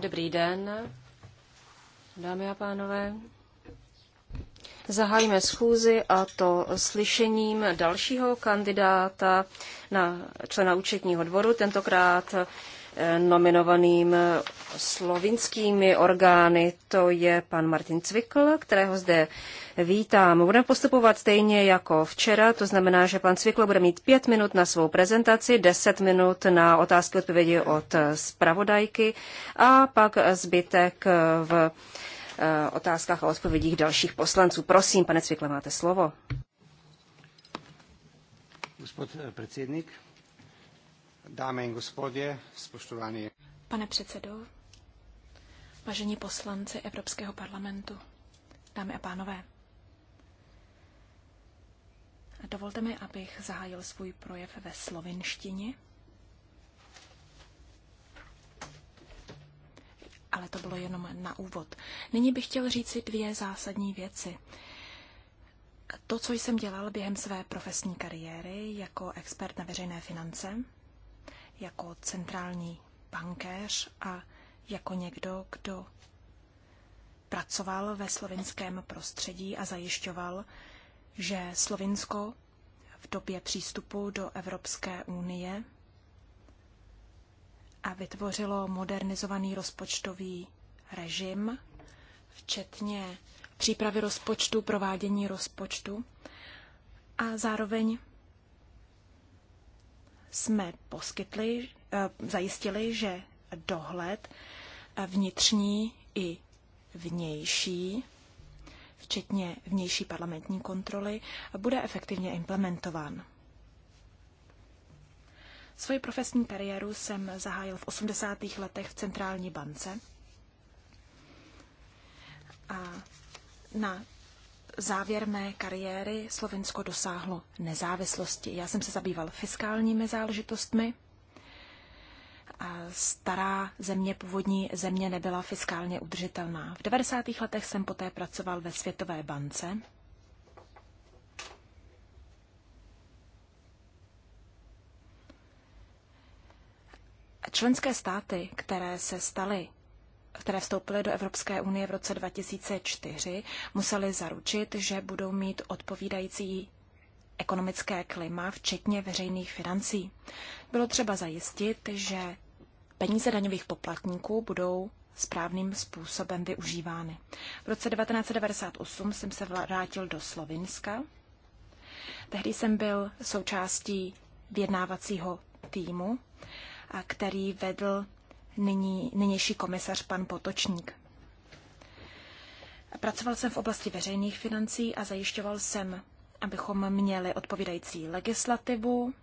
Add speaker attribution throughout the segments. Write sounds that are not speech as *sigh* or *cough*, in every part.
Speaker 1: Dobrý den, dámy a pánové. Zahájíme schůzi a to slyšením dalšího kandidáta na člena účetního dvoru, tentokrát nominovaným slovinskými orgány, to je pan Martin Cvikl, kterého zde vítám. Budeme postupovat stejně jako včera, to znamená, že pan Cvikl bude mít pět minut na svou prezentaci, deset minut na otázky odpovědi od zpravodajky a pak zbytek v eh, otázkách a odpovědích dalších poslanců. Prosím, pane Cvikle, máte slovo. Gospod eh, predsednik, Dámy in gospodě, spoštování.
Speaker 2: Pane předsedo, vážení poslanci Evropského parlamentu, dámy a pánové. Dovolte mi, abych zahájil svůj projev ve slovinštině. Ale to bylo jenom na úvod. Nyní bych chtěl říci dvě zásadní věci. To, co jsem dělal během své profesní kariéry jako expert na veřejné finance, jako centrální bankéř a jako někdo, kdo pracoval ve slovinském prostředí a zajišťoval, že Slovinsko v době přístupu do Evropské unie a vytvořilo modernizovaný rozpočtový režim, včetně přípravy rozpočtu, provádění rozpočtu a zároveň jsme poskytli, eh, zajistili, že dohled vnitřní i vnější, včetně vnější parlamentní kontroly, bude efektivně implementován. Svoji profesní kariéru jsem zahájil v 80. letech v Centrální bance. A na závěr mé kariéry Slovensko dosáhlo nezávislosti. Já jsem se zabýval fiskálními záležitostmi. A stará země, původní země, nebyla fiskálně udržitelná. V 90. letech jsem poté pracoval ve Světové bance. Členské státy, které se staly které vstoupily do Evropské unie v roce 2004, museli zaručit, že budou mít odpovídající ekonomické klima, včetně veřejných financí. Bylo třeba zajistit, že peníze daňových poplatníků budou správným způsobem využívány. V roce 1998 jsem se vrátil do Slovinska. Tehdy jsem byl součástí vyjednávacího týmu, který vedl nyní, nynější komisař pan Potočník. Pracoval jsem v oblasti veřejných financí a zajišťoval jsem, abychom měli odpovídající legislativu,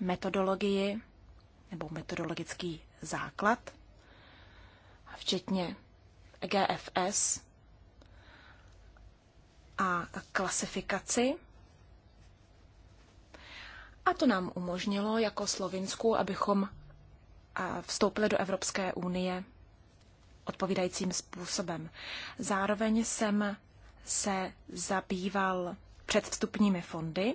Speaker 2: metodologii nebo metodologický základ, včetně GFS a klasifikaci. A to nám umožnilo jako Slovinsku, abychom vstoupili do Evropské unie odpovídajícím způsobem. Zároveň jsem se zabýval předvstupními fondy,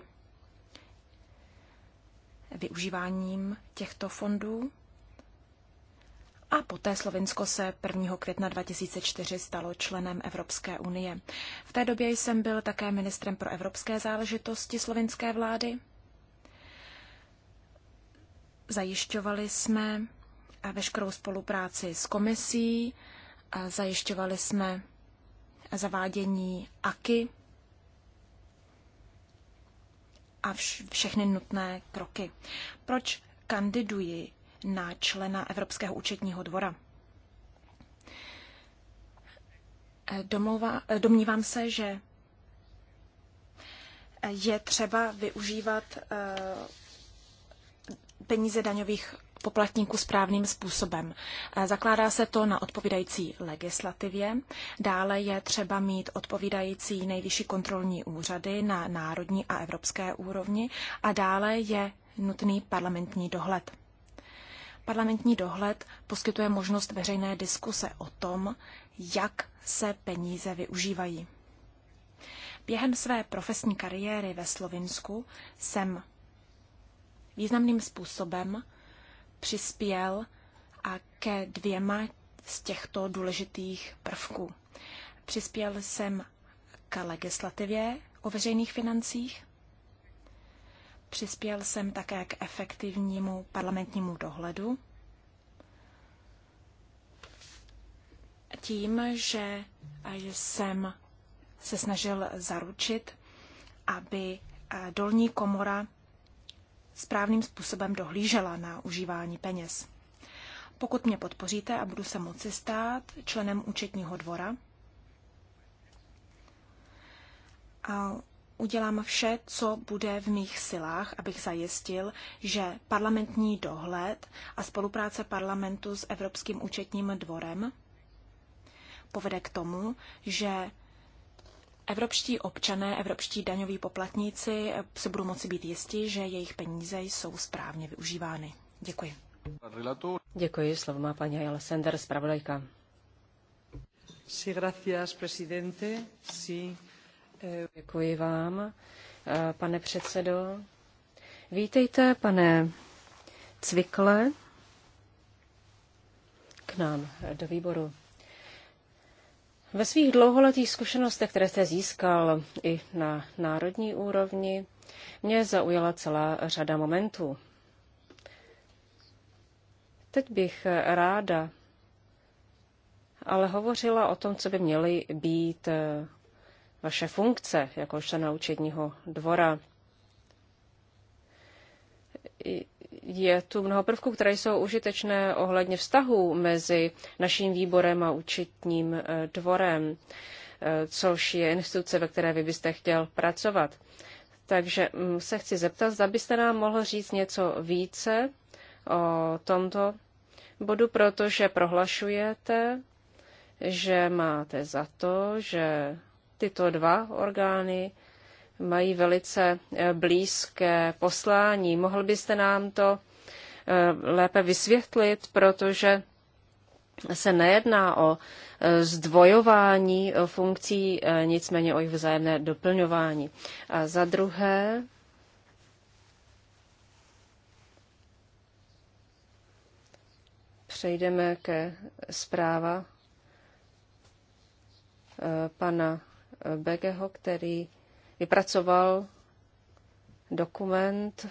Speaker 2: využíváním těchto fondů. A poté Slovinsko se 1. května 2004 stalo členem Evropské unie. V té době jsem byl také ministrem pro evropské záležitosti slovinské vlády Zajišťovali jsme eh, veškerou spolupráci s komisí, eh, zajišťovali jsme eh, zavádění AKY a všechny nutné kroky. Proč kandiduji na člena Evropského účetního dvora? Domluva, domnívám se, že je třeba využívat peníze daňových poplatníků správným způsobem. Eh, zakládá se to na odpovídající legislativě. Dále je třeba mít odpovídající nejvyšší kontrolní úřady na národní a evropské úrovni a dále je nutný parlamentní dohled. Parlamentní dohled poskytuje možnost veřejné diskuse o tom, jak se peníze využívají. Během své profesní kariéry ve Slovinsku jsem významným způsobem přispěl a ke dvěma z těchto důležitých prvků. Přispěl jsem k legislativě o veřejných financích, přispěl jsem také k efektivnímu parlamentnímu dohledu, tím, že jsem se snažil zaručit, aby dolní komora správným způsobem dohlížela na užívání peněz. Pokud mě podpoříte a budu se moci stát členem účetního dvora, a udělám vše, co bude v mých silách, abych zajistil, že parlamentní dohled a spolupráce parlamentu s Evropským účetním dvorem povede k tomu, že Evropští občané, evropští daňoví poplatníci eh, se budou moci být jistí, že jejich peníze jsou správně
Speaker 1: využívány. Děkuji. Děkuji, slovo má paní Ayala Sender, zpravodajka. Eh, Děkuji vám, eh, pane předsedo. Vítejte, pane Cvikle, k nám do výboru. Ve svých dlouholetých zkušenostech, které jste získal i na národní úrovni, mě zaujala celá řada momentů. Teď bych ráda ale hovořila o tom, co by měly být eh, vaše funkce jako člena učedního dvora je tu mnoho prvků, které jsou užitečné ohledně vztahů mezi naším výborem a účetním eh, dvorem, eh, což je instituce, ve které vy byste chtěl pracovat. Takže mm, se chci zeptat, zda byste nám mohl říct něco více o tomto bodu, protože prohlašujete, že máte za to, že tyto dva orgány mají velice eh, blízké poslání. Mohl byste nám to eh, lépe vysvětlit, protože se nejedná o eh, zdvojování funkcí, nicméně o jejich vzájemné doplňování. A za druhé, přejdeme ke zpráva pana Begeho, který vypracoval dokument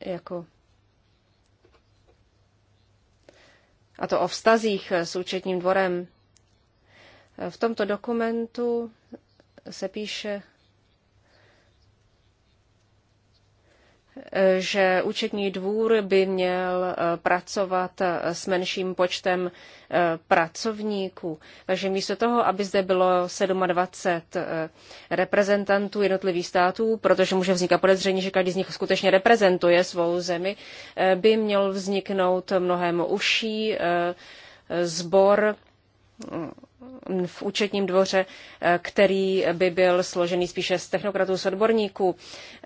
Speaker 1: jako a to o vztazích s účetním dvorem. V tomto dokumentu se píše že účetní dvůr by měl eh, pracovat eh, s menším počtem eh, pracovníků. Takže místo toho, aby zde bylo 27 reprezentantů jednotlivých států, protože může vznikat podezření, že každý z nich skutečně reprezentuje svou zemi, by měl vzniknout mnohem užší sbor Mm, v účetním dvoře, eh, který by byl složený spíše z technokratů, z odborníků.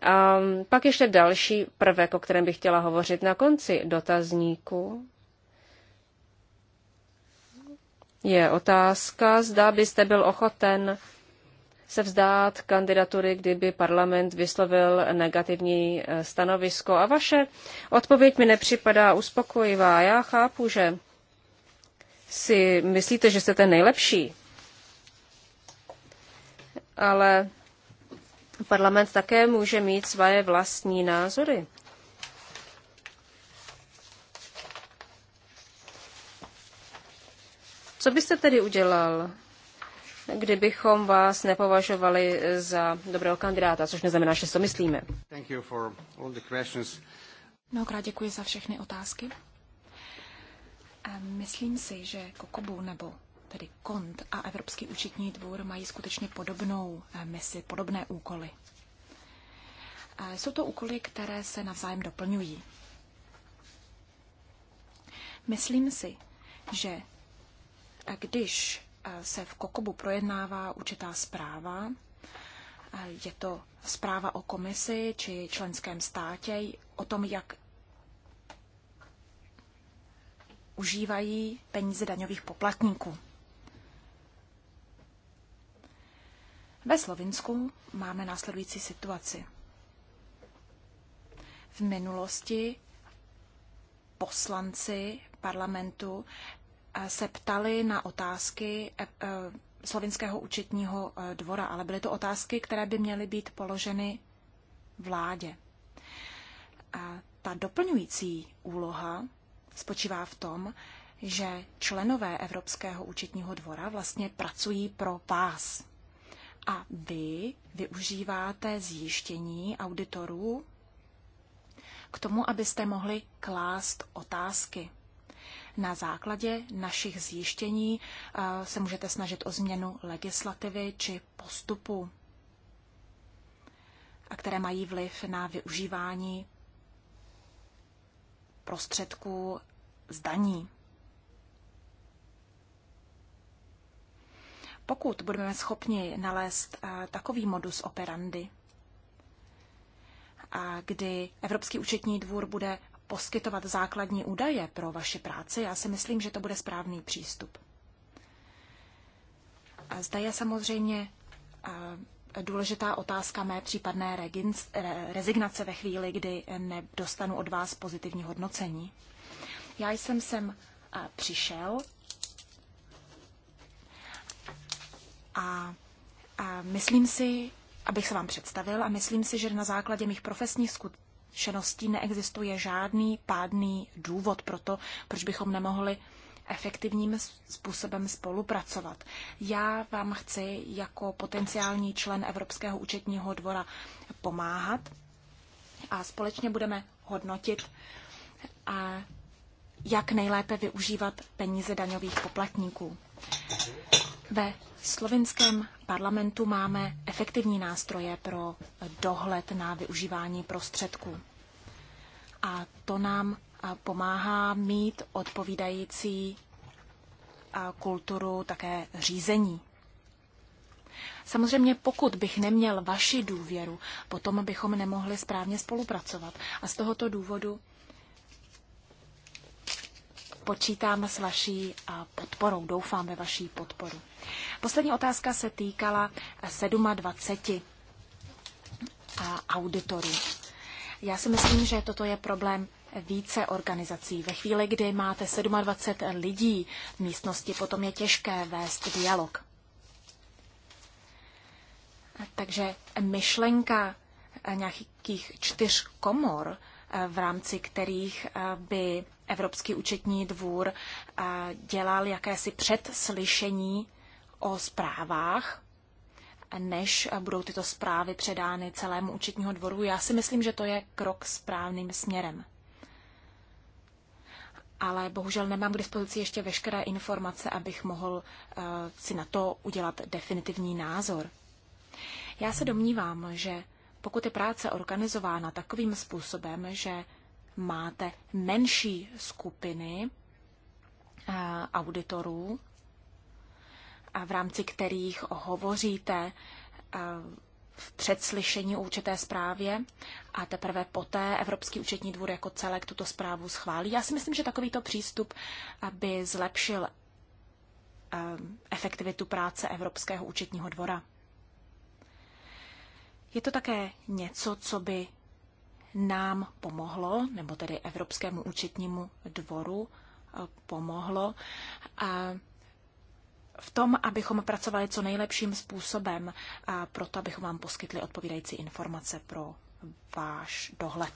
Speaker 1: A mm, pak ještě další prvek, o kterém bych chtěla hovořit na konci dotazníku. Je otázka, zda byste byl ochoten se vzdát kandidatury, kdyby parlament vyslovil negativní eh, stanovisko. A vaše odpověď mi nepřipadá uspokojivá. Já chápu, že si myslíte, že jste ten nejlepší, ale parlament také může mít své vlastní názory. Co byste tedy udělal, kdybychom vás nepovažovali za dobrého kandidáta, což neznamená, že to myslíme?
Speaker 2: Mnohokrát děkuji za všechny otázky. Myslím si, že Kokobu nebo tedy KONT a Evropský účetní dvůr mají skutečně podobnou eh, misi, podobné úkoly. Jsou to úkoly, které se navzájem doplňují. Myslím si, že eh, když eh, se v Kokobu projednává určitá zpráva, je to zpráva o komisi či členském státě, o tom, jak užívají peníze daňových poplatníků. Ve Slovinsku máme následující situaci. V minulosti poslanci parlamentu eh, se ptali na otázky eh, eh, slovinského účetního dvora, ale byly to otázky, které by měly být položeny vládě. A ta doplňující úloha spočívá v tom, že členové Evropského účetního dvora vlastně pracují pro vás. A vy využíváte zjištění auditorů k tomu, abyste mohli klást otázky. Na základě našich zjištění eh, se můžete snažit o změnu legislativy či postupu, a které mají vliv na využívání prostředků zdaní. Pokud budeme schopni nalézt eh, takový modus operandi, a kdy Evropský účetní dvůr bude poskytovat základní údaje pro vaši práci, já si myslím, že to bude správný přístup. A zde je samozřejmě eh, důležitá otázka mé případné rezignace ve chvíli, kdy nedostanu od vás pozitivní hodnocení. Já jsem sem přišel a, a myslím si, abych se vám představil, a myslím si, že na základě mých profesních zkušeností neexistuje žádný pádný důvod pro to, proč bychom nemohli efektivním způsobem spolupracovat. Já vám chci jako potenciální člen Evropského účetního dvora pomáhat a společně budeme hodnotit a jak nejlépe využívat peníze daňových poplatníků. Ve slovinském parlamentu máme efektivní nástroje pro dohled na využívání prostředků. A to nám pomáhá mít odpovídající kulturu také řízení. Samozřejmě, pokud bych neměl vaši důvěru, potom bychom nemohli správně spolupracovat. A z tohoto důvodu počítám s vaší eh, podporou, doufám ve vaší podporu. Poslední otázka se týkala 27 eh, eh, auditorů. Já si myslím, že toto je problém více organizací. Ve chvíli, kdy máte 27 lidí v místnosti, potom je těžké vést dialog. Takže myšlenka nějakých čtyř komor, v rámci kterých by Evropský účetní dvůr eh, dělal jakési předslyšení o zprávách, než budou tyto zprávy předány celému účetního dvoru. Já si myslím, že to je krok správným směrem. Ale bohužel nemám k dispozici ještě veškeré informace, abych mohl eh, si na to udělat definitivní názor. Já se domnívám, že pokud je práce organizována takovým způsobem, že máte menší skupiny eh, auditorů, a eh, v rámci kterých hovoříte eh, v předslyšení o určité zprávě a teprve poté Evropský účetní dvůr jako celek tuto zprávu schválí. Já si myslím, že takovýto přístup by zlepšil efektivitu práce Evropského účetního dvora. Je to také něco, co by nám pomohlo, nebo tedy Evropskému účetnímu dvoru eh, pomohlo eh, v tom, abychom pracovali co nejlepším způsobem, a eh, proto abychom vám poskytli odpovídající informace pro váš dohled.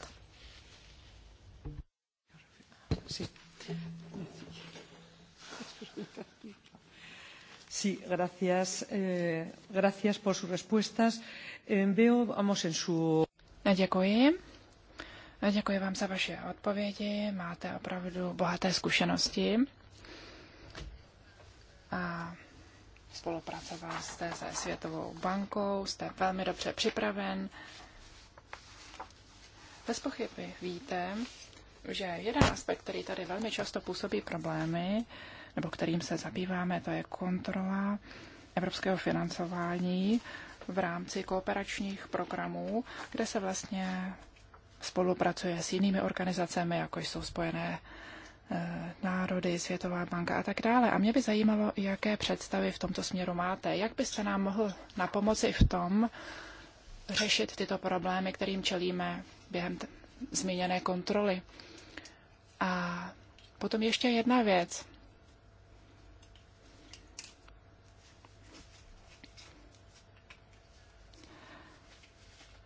Speaker 3: Sí, gracias. Eh, gracias por sus respuestas. Eh, veo, vamos, en su. No, děkuji. No, děkuji vám za vaše odpovědi. Máte opravdu bohaté zkušenosti. A spolupracoval jste se Světovou bankou, jste velmi dobře připraven. Bez pochyby víte, že jeden aspekt, který tady velmi často působí problémy, nebo kterým se zabýváme, to je kontrola evropského financování v rámci kooperačních programů, kde se vlastně spolupracuje s jinými organizacemi, jako jsou Spojené eh, národy, Světová banka a tak dále. A mě by zajímalo, jaké představy v tomto směru máte. Jak byste nám mohl napomoci v tom řešit tyto problémy, kterým čelíme během zmíněné kontroly? A potom ještě jedna věc.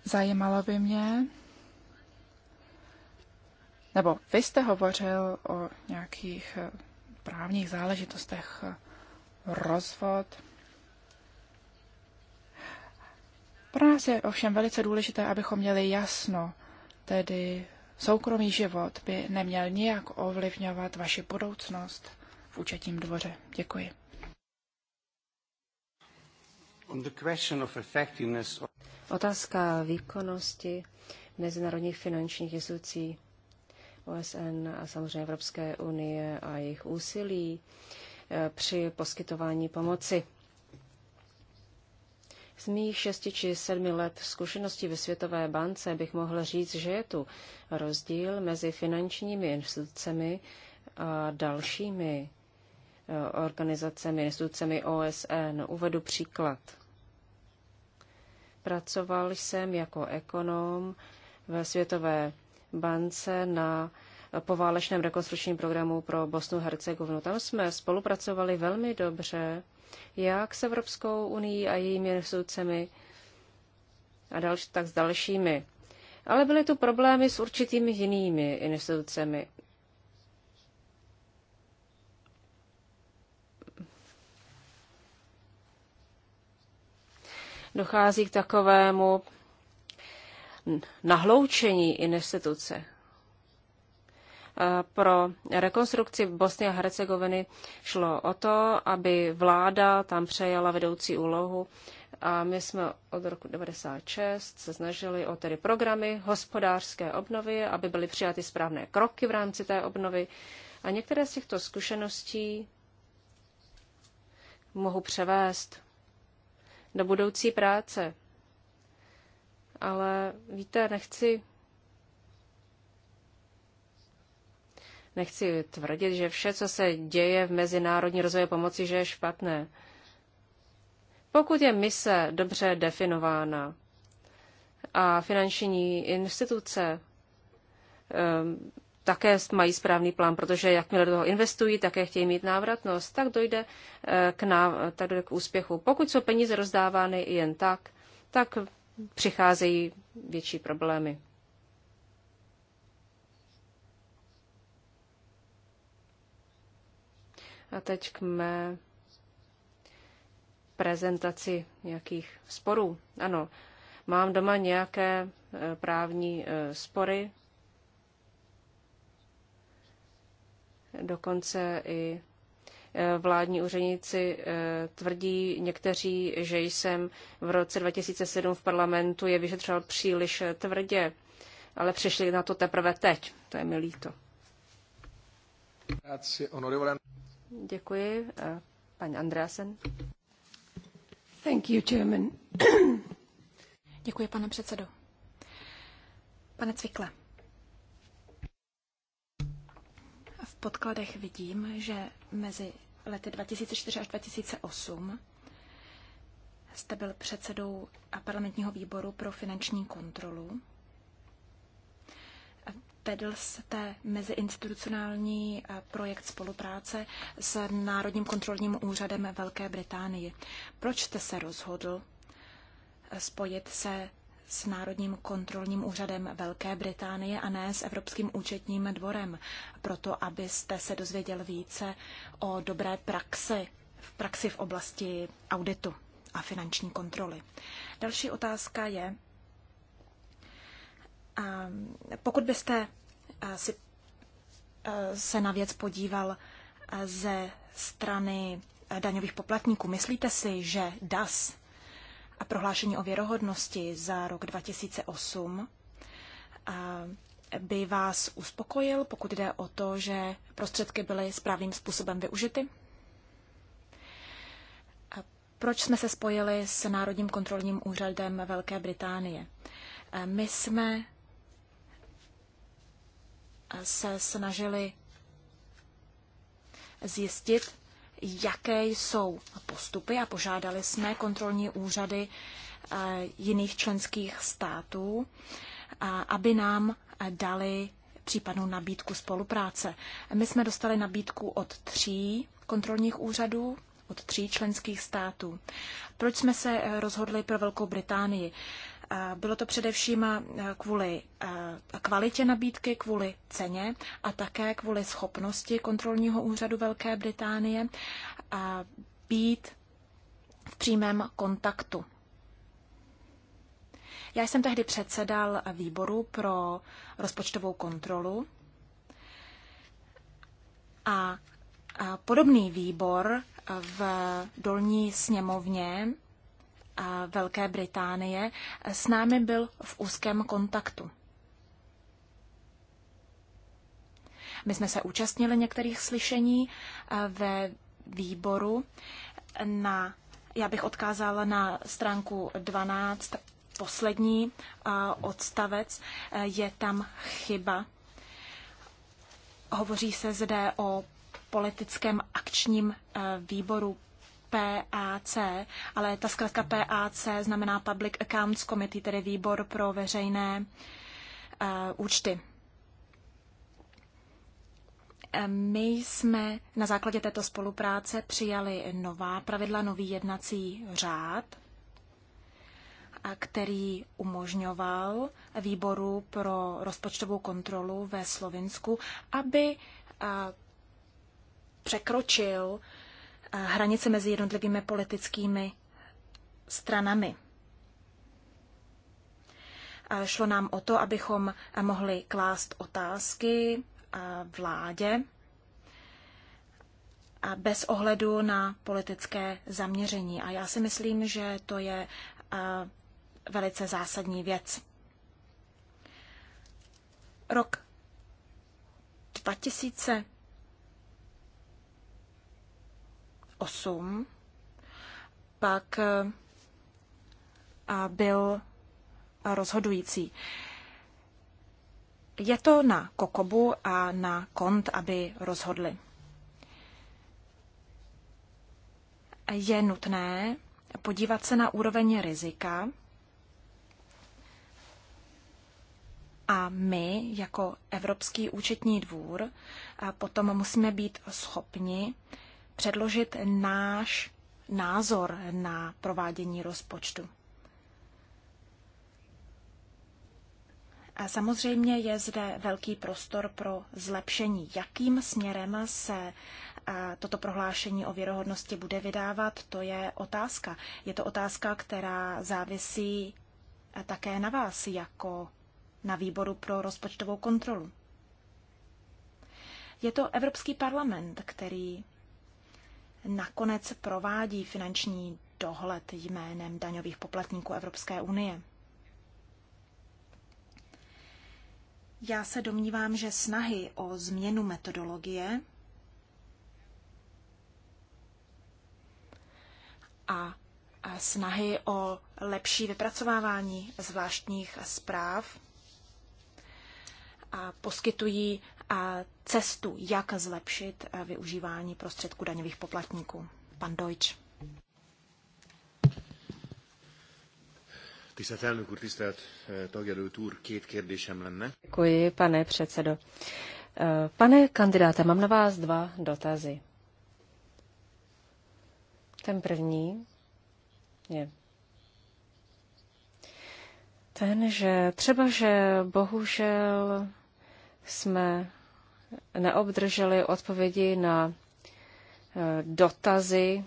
Speaker 3: Zajímalo by mě, nebo vy jste hovořil o nějakých eh, právních záležitostech eh, rozvod. Pro nás je ovšem velice důležité, abychom měli jasno, tedy soukromý život by neměl nijak ovlivňovat vaši budoucnost v účetním dvoře. Děkuji.
Speaker 1: Otázka výkonnosti mezinárodních finančních institucí OSN a samozřejmě Evropské unie a jejich úsilí eh, při poskytování pomoci. Z mých šesti či sedmi let zkušeností ve Světové bance bych mohl říct, že je tu rozdíl mezi finančními institucemi a dalšími eh, organizacemi, institucemi OSN. Uvedu příklad. Pracoval jsem jako ekonom ve Světové bance na poválečném rekonstručním programu pro Bosnu Hercegovinu. Tam jsme spolupracovali velmi dobře, jak s Evropskou unii a jejími institucemi, a další, tak s dalšími. Ale byly tu problémy s určitými jinými institucemi. Dochází k takovému nahloučení instituce. Pro rekonstrukci Bosny a Hercegoviny šlo o to, aby vláda tam přejala vedoucí úlohu a my jsme od roku 1996 se snažili o tedy programy hospodářské obnovy, aby byly přijaty správné kroky v rámci té obnovy. A některé z těchto zkušeností mohu převést do budoucí práce ale víte, nechci nechci tvrdit, že vše, co se děje v mezinárodní rozvoje pomoci, že je špatné. Pokud je mise dobře definována a finanční instituce um, také mají správný plán, protože jakmile do toho investují, také chtějí mít návratnost, tak dojde eh, k, náv- tak dojde k úspěchu. Pokud jsou peníze rozdávány jen tak, tak přicházejí větší problémy. A teď k mé prezentaci nějakých sporů. Ano, mám doma nějaké eh, právní eh, spory, dokonce i Eh, vládní úředníci eh, tvrdí někteří, že jsem v roce 2007 v parlamentu je vyšetřoval příliš eh, tvrdě, ale přišli na to teprve teď. To je mi líto. Děkuji. Paní Andreasen. Thank you, Chairman. Děkuji, pane předsedo.
Speaker 2: Pane Cvikle, v podkladech vidím, že mezi lety 2004 až 2008 jste byl předsedou parlamentního výboru pro finanční kontrolu. Vedl jste meziinstitucionální projekt spolupráce s Národním kontrolním úřadem Velké Británie. Proč jste se rozhodl spojit se s Národním kontrolním úřadem Velké Británie a ne s Evropským účetním dvorem, proto abyste se dozvěděl více o dobré praxi, v praxi v oblasti auditu a finanční kontroly. Další otázka je, pokud byste si, se na věc podíval ze strany daňových poplatníků, myslíte si, že DAS a prohlášení o věrohodnosti za rok 2008 by vás uspokojil, pokud jde o to, že prostředky byly správným způsobem využity? Proč jsme se spojili s Národním kontrolním úřadem Velké Británie? My jsme se snažili zjistit, jaké jsou postupy a požádali jsme kontrolní úřady eh, jiných členských států, aby nám eh, dali případnou nabídku spolupráce. My jsme dostali nabídku od tří kontrolních úřadů, od tří členských států. Proč jsme se eh, rozhodli pro Velkou Británii? Bylo to především eh, kvůli eh, kvalitě nabídky, kvůli ceně a také kvůli schopnosti kontrolního úřadu Velké Británie eh, být v přímém kontaktu. Já jsem tehdy předsedal výboru pro rozpočtovou kontrolu a podobný výbor v dolní sněmovně Velké Británie, s námi byl v úzkém kontaktu. My jsme se účastnili některých slyšení eh, ve výboru. Na, já bych odkázala na stránku 12, poslední eh, odstavec. Eh, je tam chyba. Hovoří se zde o politickém akčním výboru PAC, ale ta zkrátka PAC znamená Public Accounts Committee, tedy výbor pro veřejné uh, účty. Eh, my jsme na základě této spolupráce přijali nová pravidla, nový jednací řád, který umožňoval výboru pro rozpočtovou kontrolu ve Slovinsku, aby eh, překročil hranice mezi jednotlivými politickými stranami. Šlo nám o to, abychom mohli klást otázky vládě bez ohledu na politické zaměření. A já si myslím, že to je velice zásadní věc. Rok 2000 2008 pak eh, byl rozhodující. Je to na Kokobu a na Kont, aby rozhodli. Je nutné podívat se na úroveň rizika a my jako Evropský účetní dvůr potom musíme být schopni předložit náš názor na provádění rozpočtu. A samozřejmě je zde velký prostor pro zlepšení. Jakým směrem se toto prohlášení o věrohodnosti bude vydávat, to je otázka. Je to otázka, která závisí také na vás jako na výboru pro rozpočtovou kontrolu. Je to Evropský parlament, který nakonec provádí finanční dohled jménem daňových poplatníků Evropské unie. Já se domnívám, že snahy o změnu metodologie a snahy o lepší vypracovávání zvláštních zpráv a poskytují cestu, jak zlepšit eh, využívání prostředků daňových poplatníků. Pan Deutsch.
Speaker 3: Tisztelt úr, tisztelt eh, tagjelölt úr, két kérdésem
Speaker 1: lenne. Děkuji, pane předsedo. Eh, pane kandidáte, mám na vás dva dotazy. Ten první je ten, že třeba, že bohužel jsme neobdrželi odpovědi na eh, dotazy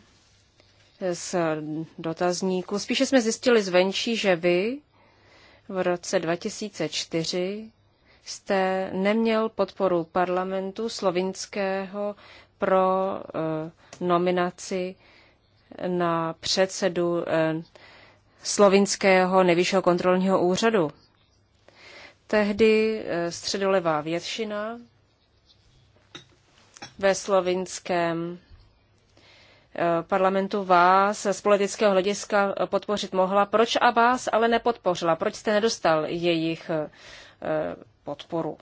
Speaker 1: z dotazníku. Spíše jsme zjistili zvenčí, že vy v roce 2004 jste neměl podporu parlamentu slovinského pro eh, nominaci na předsedu eh, slovinského nejvyššího kontrolního úřadu. Tehdy středolevá většina ve slovinském eh, parlamentu vás z politického hlediska eh, podpořit mohla. Proč a vás ale nepodpořila? Proč jste nedostal jejich eh, podporu?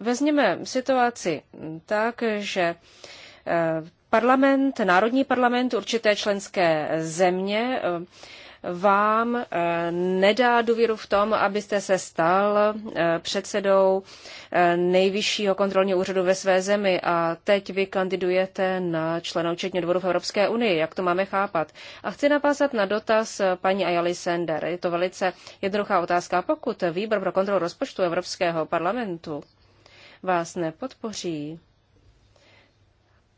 Speaker 1: Vezměme situaci tak, že parlament, národní parlament určité členské země vám eh, nedá důvěru v tom, abyste se stal eh, předsedou eh, nejvyššího kontrolního úřadu ve své zemi a teď vy kandidujete na člena účetního dvoru v Evropské unii. Jak to máme chápat? A chci napásat na dotaz paní Ayali Sender. Je to velice jednoduchá otázka. Pokud výbor pro kontrolu rozpočtu Evropského parlamentu vás nepodpoří,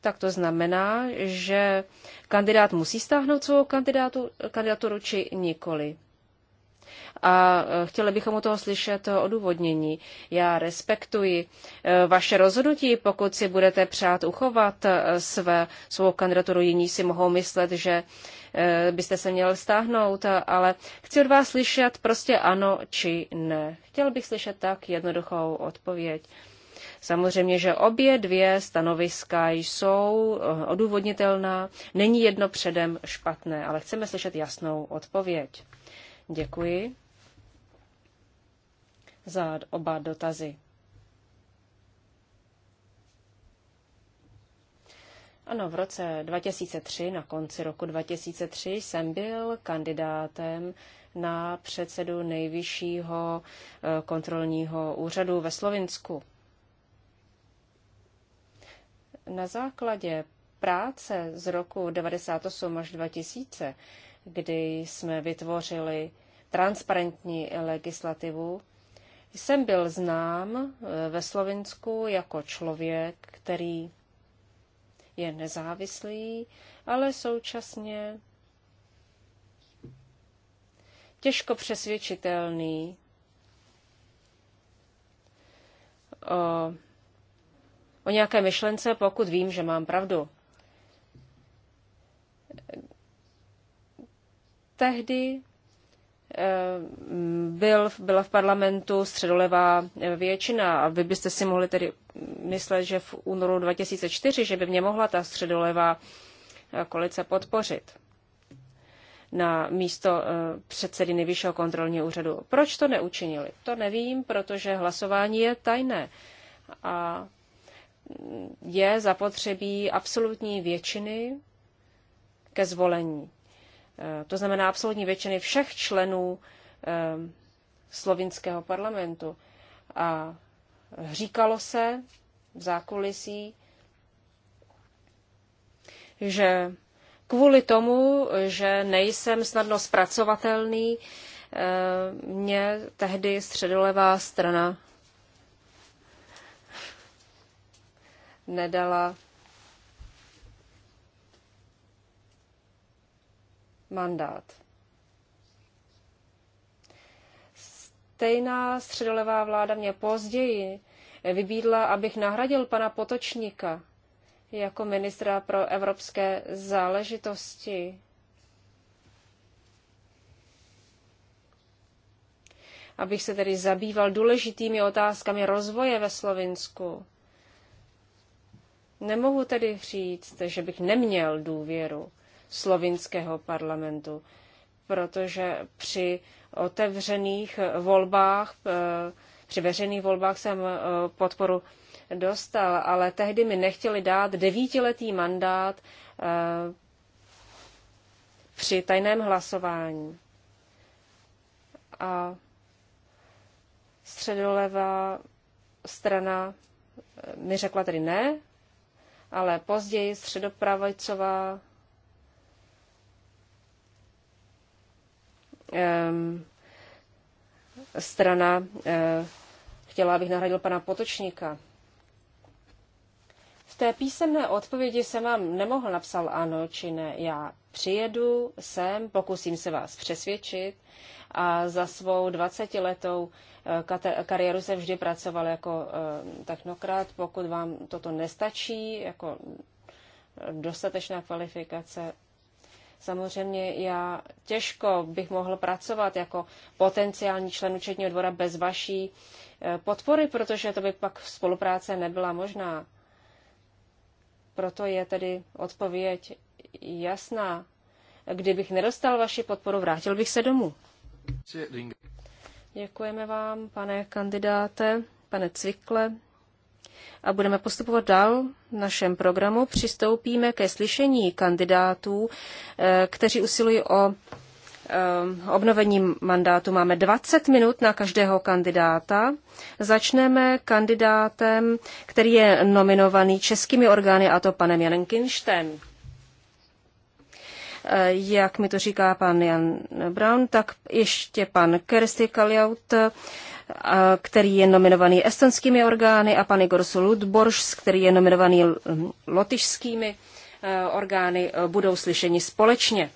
Speaker 1: tak to znamená, že kandidát musí stáhnout svou kandidátu, kandidaturu či nikoli. A e, chtěli bychom u toho slyšet odůvodnění. Já respektuji e, vaše rozhodnutí, pokud si budete přát uchovat e, své, svou kandidaturu, jiní si mohou myslet, že byste se měl stáhnout, ale chci od vás slyšet prostě ano či ne. Chtěl bych slyšet tak jednoduchou odpověď. Samozřejmě, že obě dvě stanoviska jsou eh, odůvodnitelná. Není jedno předem špatné, ale chceme slyšet jasnou odpověď. Děkuji za oba dotazy. Ano, v roce 2003, na konci roku 2003, jsem byl kandidátem na předsedu nejvyššího eh, kontrolního úřadu ve Slovinsku na základě práce z roku 1998 až 2000, kdy jsme vytvořili transparentní legislativu, jsem byl znám eh, ve Slovinsku jako člověk, který je nezávislý, ale současně těžko přesvědčitelný o o nějaké myšlence, pokud vím, že mám pravdu. Tehdy eh, byl, byla v parlamentu středolevá většina a vy byste si mohli tedy myslet, že v únoru 2004, že by mě mohla ta středolevá eh, kolice podpořit na místo eh, předsedy nejvyššího kontrolního úřadu. Proč to neučinili? To nevím, protože hlasování je tajné. A je zapotřebí absolutní většiny ke zvolení. Eh, to znamená absolutní většiny všech členů eh, slovinského parlamentu. A říkalo se v zákulisí, že kvůli tomu, že nejsem snadno zpracovatelný, eh, mě tehdy středolevá strana nedala mandát. Stejná středolevá vláda mě později vybídla, abych nahradil pana Potočníka jako ministra pro evropské záležitosti. Abych se tedy zabýval důležitými otázkami rozvoje ve Slovinsku. Nemohu tedy říct, že bych neměl důvěru slovinského parlamentu, protože při otevřených volbách, eh, při veřejných volbách jsem eh, podporu dostal, ale tehdy mi nechtěli dát devítiletý mandát eh, při tajném hlasování. A středolevá strana mi řekla tedy ne, ale později středopravicová strana eh, chtěla, abych nahradil pana Potočníka. V té písemné odpovědi jsem vám nemohl napsal ano či ne. Já přijedu sem, pokusím se vás přesvědčit a za svou 20-letou eh, kariéru jsem vždy pracoval jako eh, technokrat. Pokud vám toto nestačí, jako eh, dostatečná kvalifikace, Samozřejmě já těžko bych mohl pracovat jako potenciální člen účetního dvora bez vaší podpory, protože to by pak spolupráce nebyla možná. Proto je tedy odpověď jasná. Kdybych nedostal vaši podporu, vrátil bych se domů. Děkujeme vám, pane kandidáte, pane Cvikle. A budeme postupovat dál v našem programu. Přistoupíme ke slyšení kandidátů, eh, kteří usilují o Eh, obnovením mandátu máme 20 minut na každého kandidáta. Začneme kandidátem, který je nominovaný českými orgány, a to panem Janem Kinštem. Eh, jak mi to říká pan Jan Brown, tak ještě pan Kersti Kaljaut, eh, který je nominovaný estonskými orgány, a pan Igor Ludborš, který je nominovaný lotyšskými orgány, budou slyšeni společně.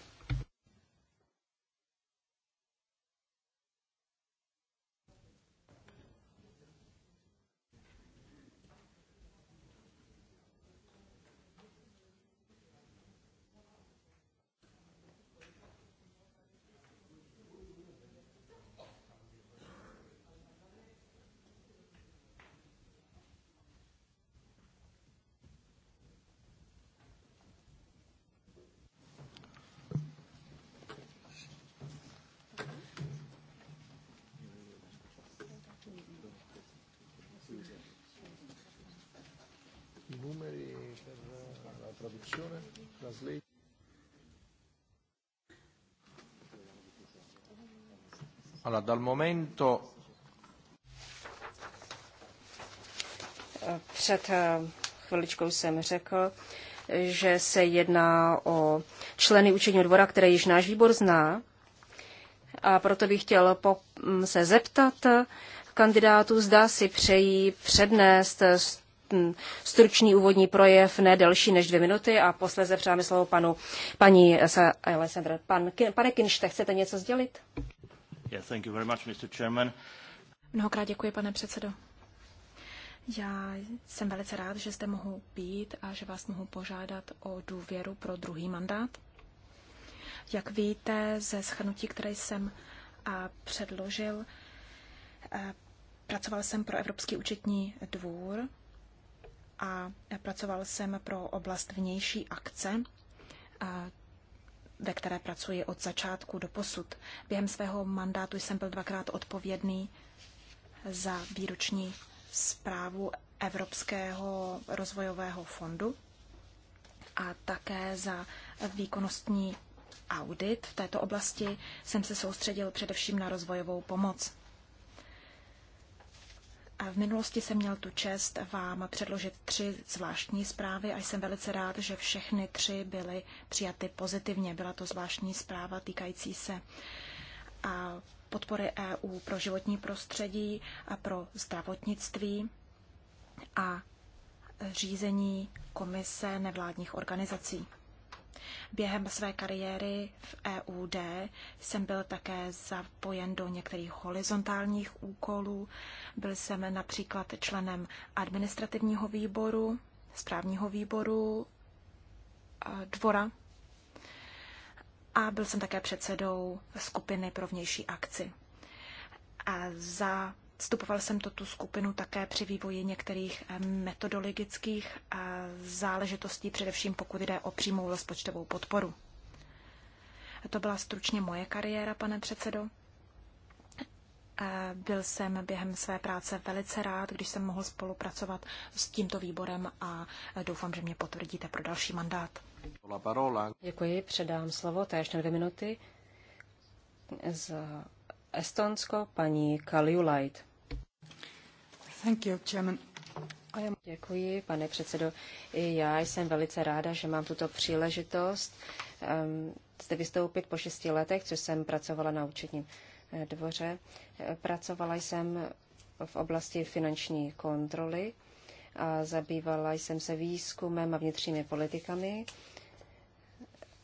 Speaker 1: Allora, dal momento... Před eh, chviličkou jsem řekl, že se jedná o členy účetního dvora, které již náš výbor zná. A proto bych chtěl mm, se zeptat kandidátů, zda si přejí přednést eh, mm, stručný úvodní projev, ne delší než dvě minuty a posléze přáme slovo panu, paní eh, Alessandra. Pan, pane Kinšte, chcete něco sdělit? Mnohokrát děkuji, pane předsedo.
Speaker 2: Já jsem velice rád, že zde mohu být a že vás mohu požádat o důvěru pro druhý mandát. Jak víte ze schrnutí, které jsem předložil, pracoval jsem pro Evropský účetní dvůr a pracoval jsem pro oblast vnější akce ve které pracuji od začátku do posud. Během svého mandátu jsem byl dvakrát odpovědný za výroční zprávu Evropského rozvojového fondu a také za výkonnostní audit. V této oblasti jsem se soustředil především na rozvojovou pomoc. V minulosti jsem měl tu čest vám předložit tři zvláštní zprávy a jsem velice rád, že všechny tři byly přijaty pozitivně. Byla to zvláštní zpráva týkající se podpory EU pro životní prostředí a pro zdravotnictví a řízení komise nevládních organizací. Během své kariéry v EUD jsem byl také zapojen do některých horizontálních úkolů. Byl jsem například členem administrativního výboru, správního výboru, eh, dvora a byl jsem také předsedou skupiny pro vnější akci. A za Vstupoval jsem to tu skupinu také při vývoji některých eh, metodologických eh, záležitostí, především pokud jde o přímou rozpočtovou podporu. To byla stručně moje kariéra, pane předsedo. Eh, byl jsem během své práce velice rád, když jsem mohl spolupracovat s tímto výborem a doufám, že mě potvrdíte pro další mandát.
Speaker 1: Děkuji, předám slovo, to ještě dvě minuty. z Estonsko paní Kaliulajt. Děkuji, pane předsedo. I já jsem velice ráda, že mám tuto příležitost ehm, zde vystoupit po šesti letech, což jsem pracovala na účetním eh, dvoře. Eh, pracovala jsem v oblasti finanční kontroly a zabývala jsem se výzkumem a vnitřními politikami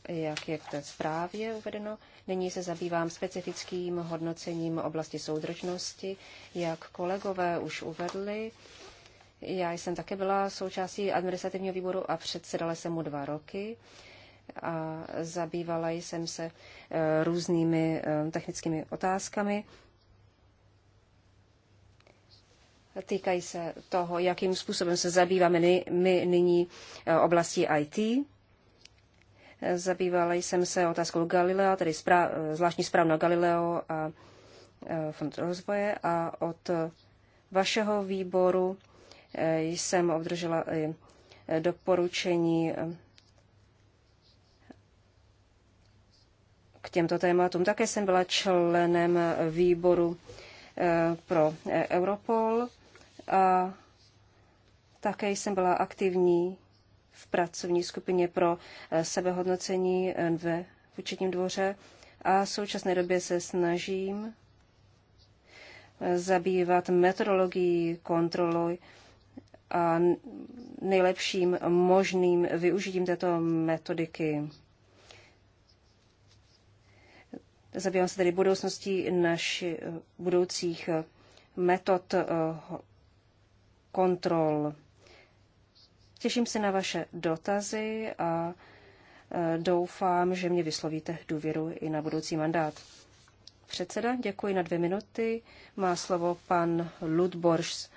Speaker 1: jak je v té zprávě uvedeno. Nyní se zabývám specifickým hodnocením oblasti soudržnosti, jak kolegové už uvedli. Já jsem také byla součástí administrativního výboru a předsedala jsem mu dva roky a zabývala jsem se eh, různými eh, technickými otázkami. Týkají se toho, jakým způsobem se zabýváme my nyní eh, oblastí IT Zabývala jsem se otázkou Galilea, tedy zvláštní zpráv na Galileo a e, Fond rozvoje a od vašeho výboru e, jsem obdržela i doporučení e, k těmto tématům. Také jsem byla členem výboru pro Europol a také jsem byla aktivní v pracovní skupině pro eh, sebehodnocení eh, ve účetním dvoře a v současné době se snažím eh, zabývat metodologií kontroly a nejlepším možným využitím této metodiky. Zabývám se tedy budoucností našich budoucích metod kontrol. Těším se na vaše dotazy a e, doufám, že mě vyslovíte důvěru i na budoucí mandát. Předseda, děkuji na dvě minuty. Má slovo pan Ludborš,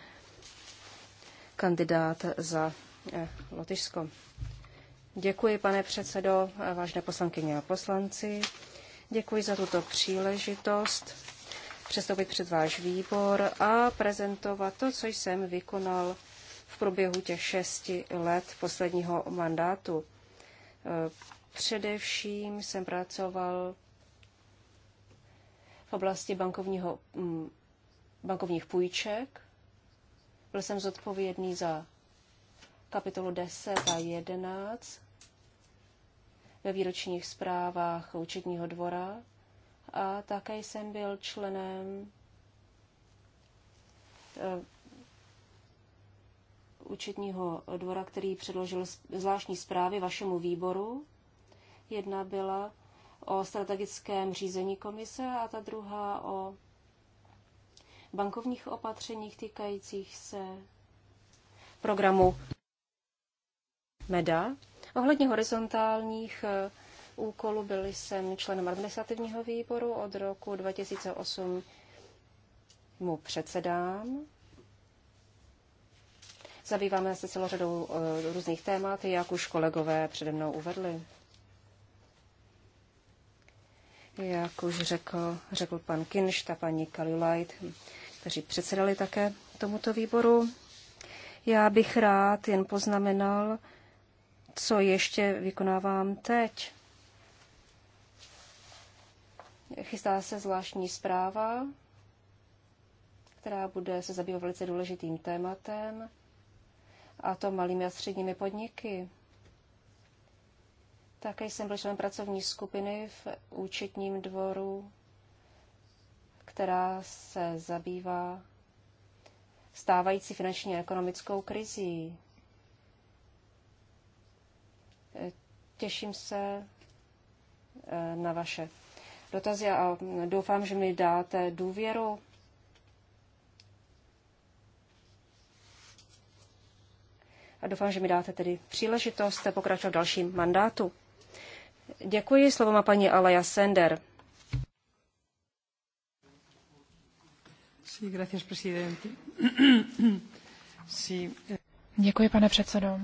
Speaker 1: kandidát za e, Lotyšsko. Děkuji, pane předsedo, e, vážné poslankyně a poslanci. Děkuji za tuto příležitost přestoupit před váš výbor a prezentovat to, co jsem vykonal v průběhu těch šesti let posledního mandátu. E, především jsem pracoval v oblasti bankovního, mm, bankovních půjček. Byl jsem zodpovědný za kapitolu 10 a 11 ve výročních zprávách účetního dvora a také jsem byl členem e, účetního dvora, který předložil zvláštní zprávy vašemu výboru. Jedna byla o strategickém řízení komise a ta druhá o bankovních opatřeních týkajících se programu MEDA. Ohledně horizontálních eh, úkolů byl jsem členem administrativního výboru od roku 2008 mu předsedám Zabýváme se celou řadou eh, různých témat, jak už kolegové přede mnou uvedli. Jak už řekl, řekl pan Kinšta, a paní Kalilajt, kteří předsedali také tomuto výboru. Já bych rád jen poznamenal, co ještě vykonávám teď. Chystá se zvláštní zpráva, která bude se zabývat velice důležitým tématem a to malými a středními podniky. Také jsem byl členem pracovní skupiny v účetním dvoru, která se zabývá stávající finanční a ekonomickou krizí. Těším se eh, na vaše dotazy a mm, doufám, že mi dáte důvěru a doufám, že mi dáte tedy příležitost pokračovat v dalším mandátu. Děkuji, slovo má paní Alaja Sender. Eh.
Speaker 3: Děkuji, pane předsedo.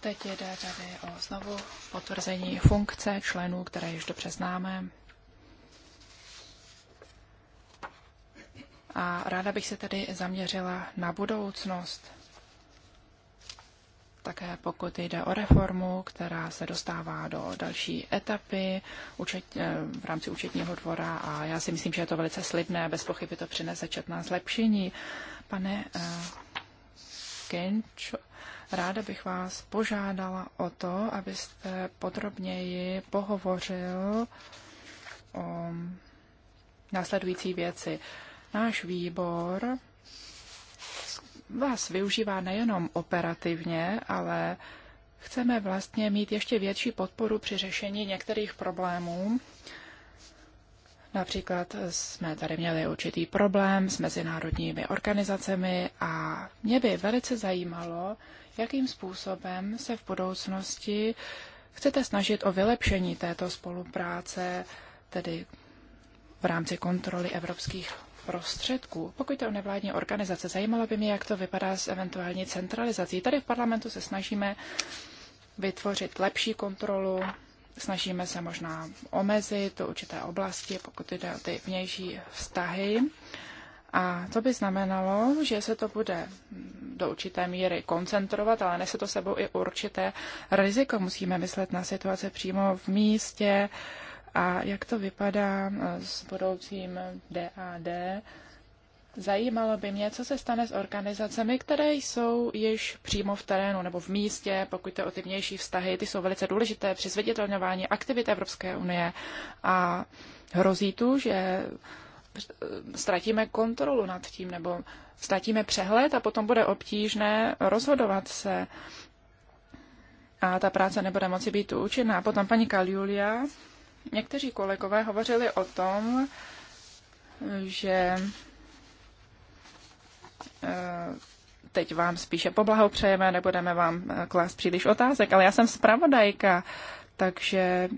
Speaker 3: Teď jde tady o znovu potvrzení funkce členů, které již dobře známe. A ráda bych se tedy zaměřila na budoucnost. Také pokud jde o reformu, která se dostává do další etapy účet, eh, v rámci účetního dvora a já si myslím, že je to velice slibné, bez pochyby to přinese četná zlepšení. Pane Genčo, eh, ráda bych vás požádala o to, abyste podrobněji pohovořil o následující věci. Náš výbor vás využívá nejenom operativně, ale chceme vlastně mít ještě větší podporu při řešení některých problémů. Například jsme tady měli určitý problém s mezinárodními organizacemi a mě by velice zajímalo, jakým způsobem se v budoucnosti chcete snažit o vylepšení této spolupráce, tedy v rámci kontroly evropských prostředků. Pokud jde o nevládní organizace, zajímalo by mě, jak to vypadá s eventuální centralizací. Tady v parlamentu se snažíme vytvořit lepší kontrolu, snažíme se možná omezit do určité oblasti, pokud jde o ty vnější vztahy. A to by znamenalo, že se to bude do určité míry koncentrovat, ale nese to sebou i určité riziko. Musíme myslet na situace přímo v místě, a jak to vypadá eh, s budoucím DAD. Zajímalo by mě, co se stane s organizacemi, které jsou již přímo v terénu nebo v místě, pokud to o ty vnější vztahy, ty jsou velice důležité při zviditelňování aktivit Evropské unie a hrozí tu, že eh, ztratíme kontrolu nad tím nebo ztratíme přehled a potom bude obtížné rozhodovat se a ta práce nebude moci být účinná. Potom paní Kaljulia Někteří kolegové hovořili o tom, že eh, teď vám spíše poblahopřejeme, nebudeme vám eh, klást příliš otázek, ale já jsem zpravodajka, takže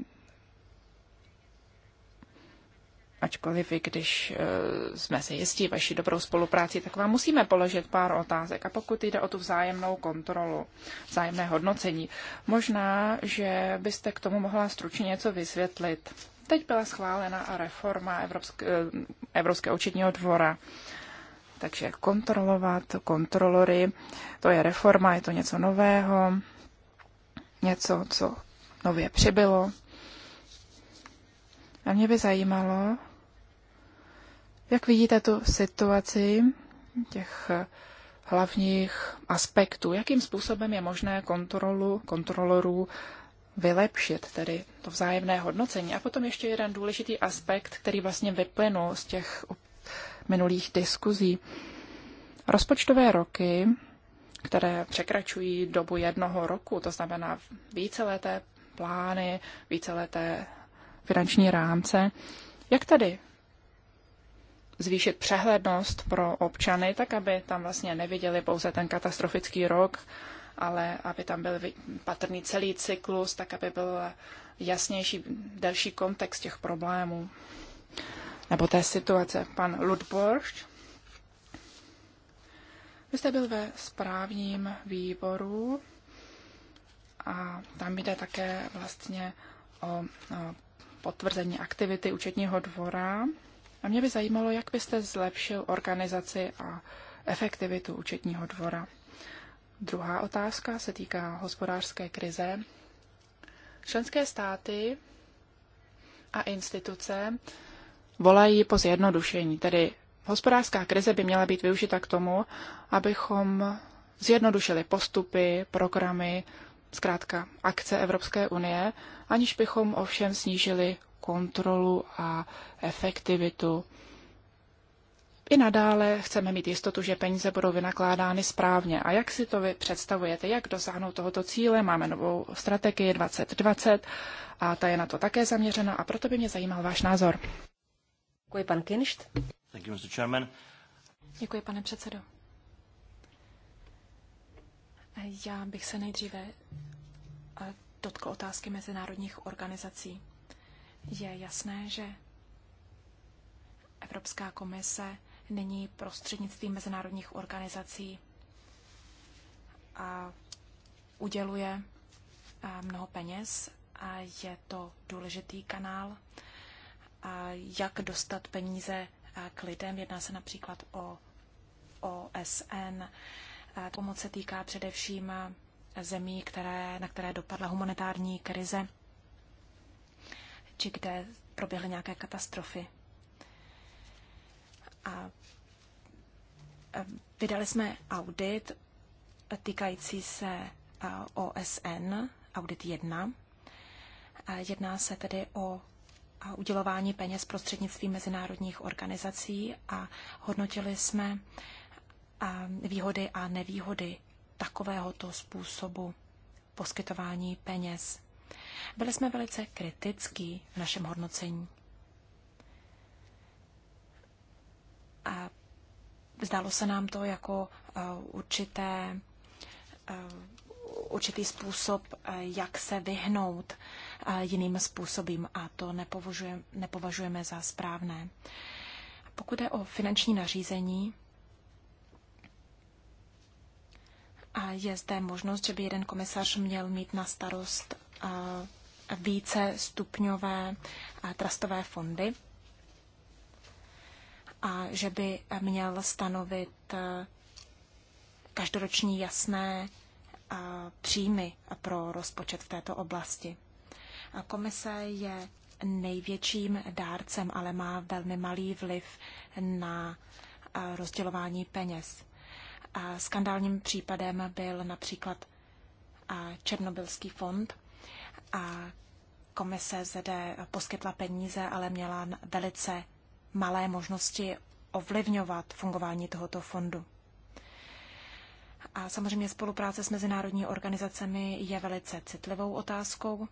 Speaker 3: ačkoliv vy, když eh, jsme si jistí vaší dobrou spolupráci, tak vám musíme položit pár otázek. A pokud jde o tu vzájemnou kontrolu, vzájemné hodnocení, možná, že byste k tomu mohla stručně něco vysvětlit. Teď byla schválena reforma Evropské, eh, Evropského účetního dvora. Takže kontrolovat kontrolory, to je reforma, je to něco nového, něco, co nově přibylo. A mě by zajímalo, jak vidíte tu situaci těch hlavních aspektů? Jakým způsobem je možné kontrolu kontrolorů vylepšit, tedy to vzájemné hodnocení? A potom ještě jeden důležitý aspekt, který vlastně vyplynul z těch minulých diskuzí. Rozpočtové roky, které překračují dobu jednoho roku, to znamená víceleté plány, víceleté finanční rámce, jak tady zvýšit přehlednost pro občany, tak aby tam vlastně neviděli pouze ten katastrofický rok, ale aby tam byl patrný celý cyklus, tak aby byl jasnější, delší kontext těch problémů nebo té situace. Pan Ludborš, vy jste byl ve správním výboru a tam jde také vlastně o, o potvrzení aktivity účetního dvora a mě by zajímalo, jak byste zlepšil organizaci a efektivitu účetního dvora. Druhá otázka se týká hospodářské krize. Členské státy a instituce volají po zjednodušení, tedy hospodářská krize by měla být využita k tomu, abychom zjednodušili postupy, programy, zkrátka akce Evropské unie, aniž bychom ovšem snížili kontrolu a efektivitu. I nadále chceme mít jistotu, že peníze budou vynakládány správně. A jak si to vy představujete, jak dosáhnout tohoto cíle? Máme novou strategii 2020 a ta je na to také zaměřena a proto by mě zajímal váš názor. Děkuji, pan Kinšt. Děkuji, pane
Speaker 2: předsedo. Já bych se nejdříve eh, dotkl otázky mezinárodních organizací. Je jasné, že Evropská komise není prostřednictvím mezinárodních organizací a uděluje eh, mnoho peněz a je to důležitý kanál, a jak dostat peníze eh, k lidem. Jedná se například o OSN. Pomoc se týká především eh, zemí, které, na které dopadla humanitární krize či kde proběhly nějaké katastrofy. A vydali jsme audit týkající se OSN, audit 1. Jedná se tedy o udělování peněz prostřednictvím mezinárodních organizací a hodnotili jsme výhody a nevýhody takovéhoto způsobu poskytování peněz byli jsme velice kritický v našem hodnocení. A zdálo se nám to jako uh, určité, uh, určitý způsob, uh, jak se vyhnout jiným způsobem a to nepovažujeme, nepovažujeme za správné. Pokud je o finanční nařízení, a je zde možnost, že by jeden komisař měl mít na starost více stupňové trastové fondy a že by měl stanovit e, každoroční jasné e, příjmy pro rozpočet v této oblasti. Komise je největším dárcem, ale má velmi malý vliv na e, rozdělování peněz. Skandálním případem byl například Černobylský fond, a komise zde poskytla peníze, ale měla velice malé možnosti ovlivňovat fungování tohoto fondu. A samozřejmě spolupráce s mezinárodní organizacemi je velice citlivou otázkou.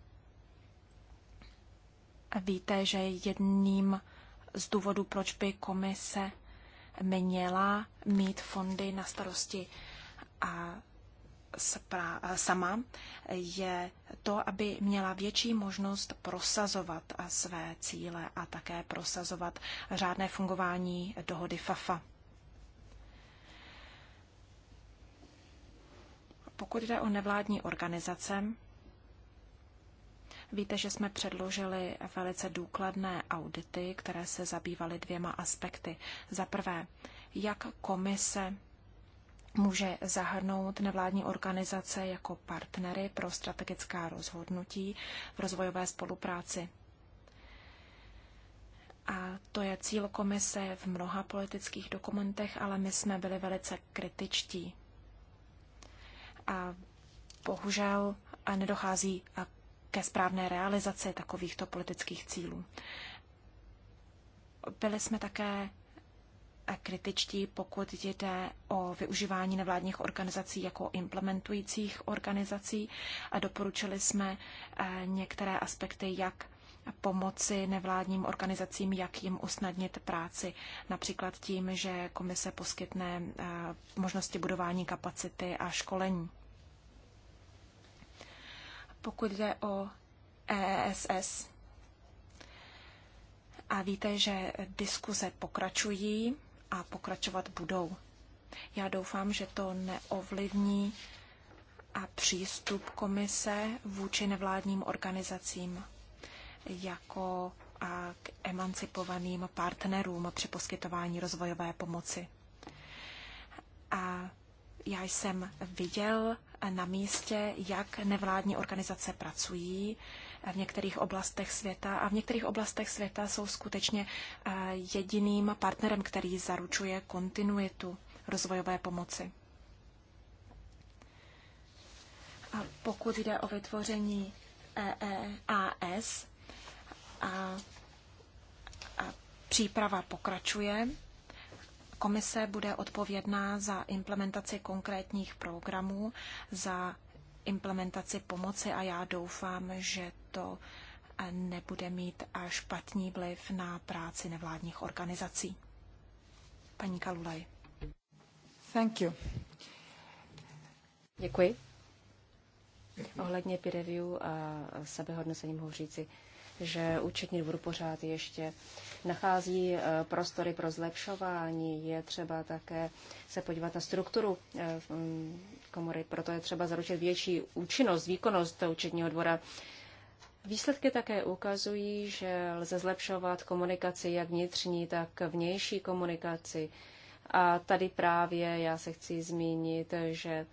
Speaker 2: Víte, že jedním z důvodů, proč by komise měla mít fondy na starosti a sama, je to, aby měla větší možnost prosazovat své cíle a také prosazovat řádné fungování dohody FAFA. Pokud jde o nevládní organizace, víte, že jsme předložili velice důkladné audity, které se zabývaly dvěma aspekty. Za prvé, jak komise může zahrnout nevládní organizace jako partnery pro strategická rozhodnutí v rozvojové spolupráci. A to je cíl komise v mnoha politických dokumentech, ale my jsme byli velice kritičtí. A bohužel nedochází ke správné realizaci takovýchto politických cílů. Byli jsme také kritičtí, pokud jde o využívání nevládních organizací jako implementujících organizací a doporučili jsme eh, některé aspekty, jak pomoci nevládním organizacím, jak jim usnadnit práci, například tím, že komise poskytne eh, možnosti budování kapacity a školení. Pokud jde o ESS, a víte, že diskuze pokračují a pokračovat budou. Já doufám, že to neovlivní a přístup komise vůči nevládním organizacím jako a k emancipovaným partnerům při poskytování rozvojové pomoci. A já jsem viděl na místě, jak nevládní organizace pracují, v některých oblastech světa a v některých oblastech světa jsou skutečně eh, jediným partnerem, který zaručuje kontinuitu rozvojové pomoci. A pokud jde o vytvoření EEAS, a, a příprava pokračuje. Komise bude odpovědná za implementaci konkrétních programů, za implementaci pomoci a já doufám, že to nebude mít špatný vliv na práci nevládních organizací. Paní Kalulaj.
Speaker 3: Thank you.
Speaker 1: Děkuji. Ohledně peer review a sebehodnocení mohu říci, že účetní dvůr pořád ještě nachází eh, prostory pro zlepšování. Je třeba také se podívat na strukturu eh, mm, komory, proto je třeba zaručit větší účinnost, výkonnost účetního dvora Výsledky také ukazují, že lze zlepšovat komunikaci jak vnitřní, tak vnější komunikaci. A tady právě já se chci zmínit, že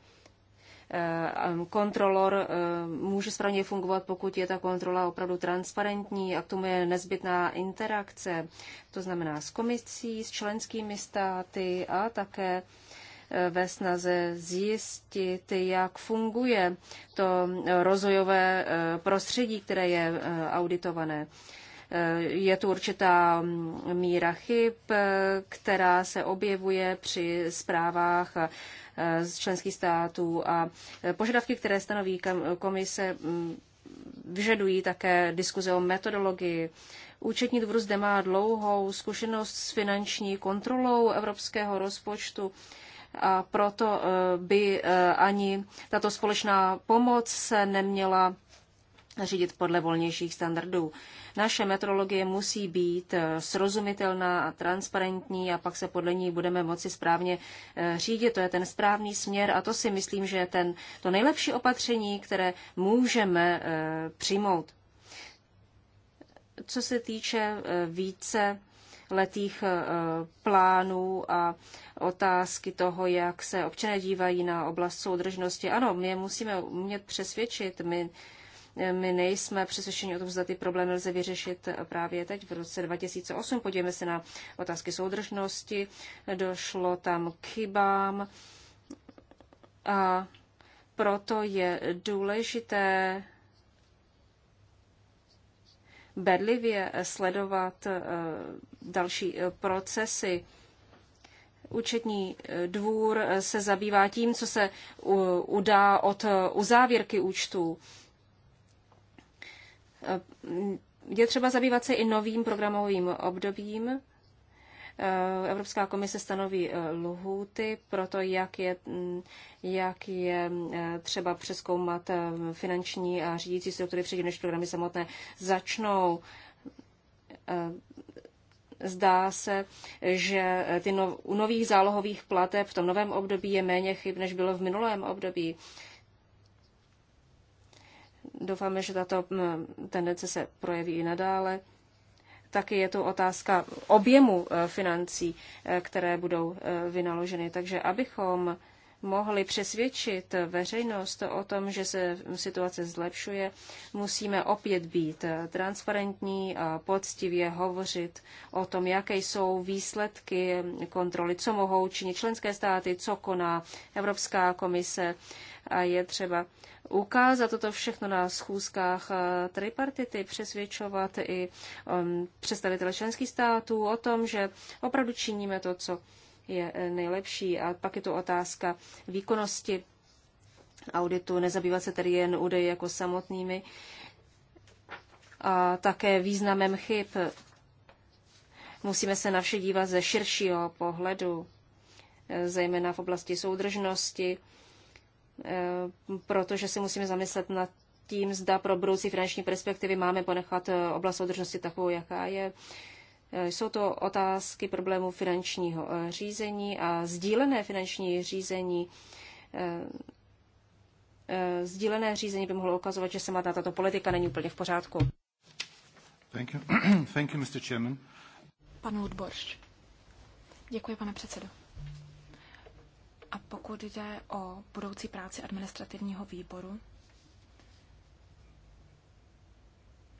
Speaker 1: eh, kontrolor eh, může správně fungovat, pokud je ta kontrola opravdu transparentní a k tomu je nezbytná interakce, to znamená s komisí, s členskými státy a také Eh, ve snaze zjistit, jak funguje to rozvojové eh, prostředí, které je eh, auditované. Je tu určitá mm, míra chyb, která se objevuje při zprávách z členských států a požadavky, které stanoví komise, mm, vyžadují také diskuze o metodologii. Účetní dvůr zde má dlouhou zkušenost s finanční kontrolou evropského rozpočtu a proto eh, by eh, ani tato společná pomoc se neměla řídit podle volnějších standardů. Naše metrologie musí být eh, srozumitelná a transparentní a pak se podle ní budeme moci správně řídit. To je ten správný směr a to si myslím, že je ten, to nejlepší opatření, které můžeme přijmout. Co se týče více letých eh, plánů a otázky toho, jak se občané dívají na oblast soudržnosti. Ano, my je musíme umět přesvědčit. My, eh, my nejsme přesvědčeni o tom, zda ty problémy lze vyřešit eh, právě teď v roce 2008. Podívejme se na otázky soudržnosti. Došlo tam k chybám a proto je důležité bedlivě sledovat eh, další eh, procesy. Účetní eh, dvůr se zabývá tím, co se udá od uzávěrky účtů. Je třeba zabývat se i novým programovým obdobím Eh, Evropská komise stanoví eh, lhůty pro to, jak je, mm, jak je mm, eh, třeba přeskoumat finanční a řídící struktury předtím, než programy samotné začnou zdá se, že ty no, u nových zálohových plateb v tom novém období je méně chyb, než bylo v minulém období. Doufáme, že tato mm, tendence se projeví i nadále taky je to otázka objemu eh, financí, eh, které budou eh, vynaloženy. Takže abychom mohli přesvědčit veřejnost o tom, že se situace zlepšuje, musíme opět být transparentní a poctivě hovořit o tom, jaké jsou výsledky kontroly, co mohou činit členské státy, co koná Evropská komise a je třeba ukázat toto všechno na schůzkách eh, tripartity, přesvědčovat i um, představitele členských států o tom, že opravdu činíme to, co je eh, nejlepší. A pak je to otázka výkonnosti auditu, nezabývat se tedy jen údaji jako samotnými, a také významem chyb. Musíme se na vše dívat ze širšího pohledu, eh, zejména v oblasti soudržnosti, Eh, protože si musíme zamyslet nad tím, zda pro budoucí finanční perspektivy máme ponechat eh, oblast soudržnosti takovou, jaká je. Eh, jsou to otázky problémů finančního řízení a sdílené finanční řízení. Sdílené řízení by mohlo ukazovat, že se má tato politika není úplně v pořádku.
Speaker 2: Thank you. *clears throat* Thank you, Mr.
Speaker 1: Pan Woodborš. Děkuji, pane předsedo.
Speaker 2: A pokud jde o budoucí práci administrativního výboru,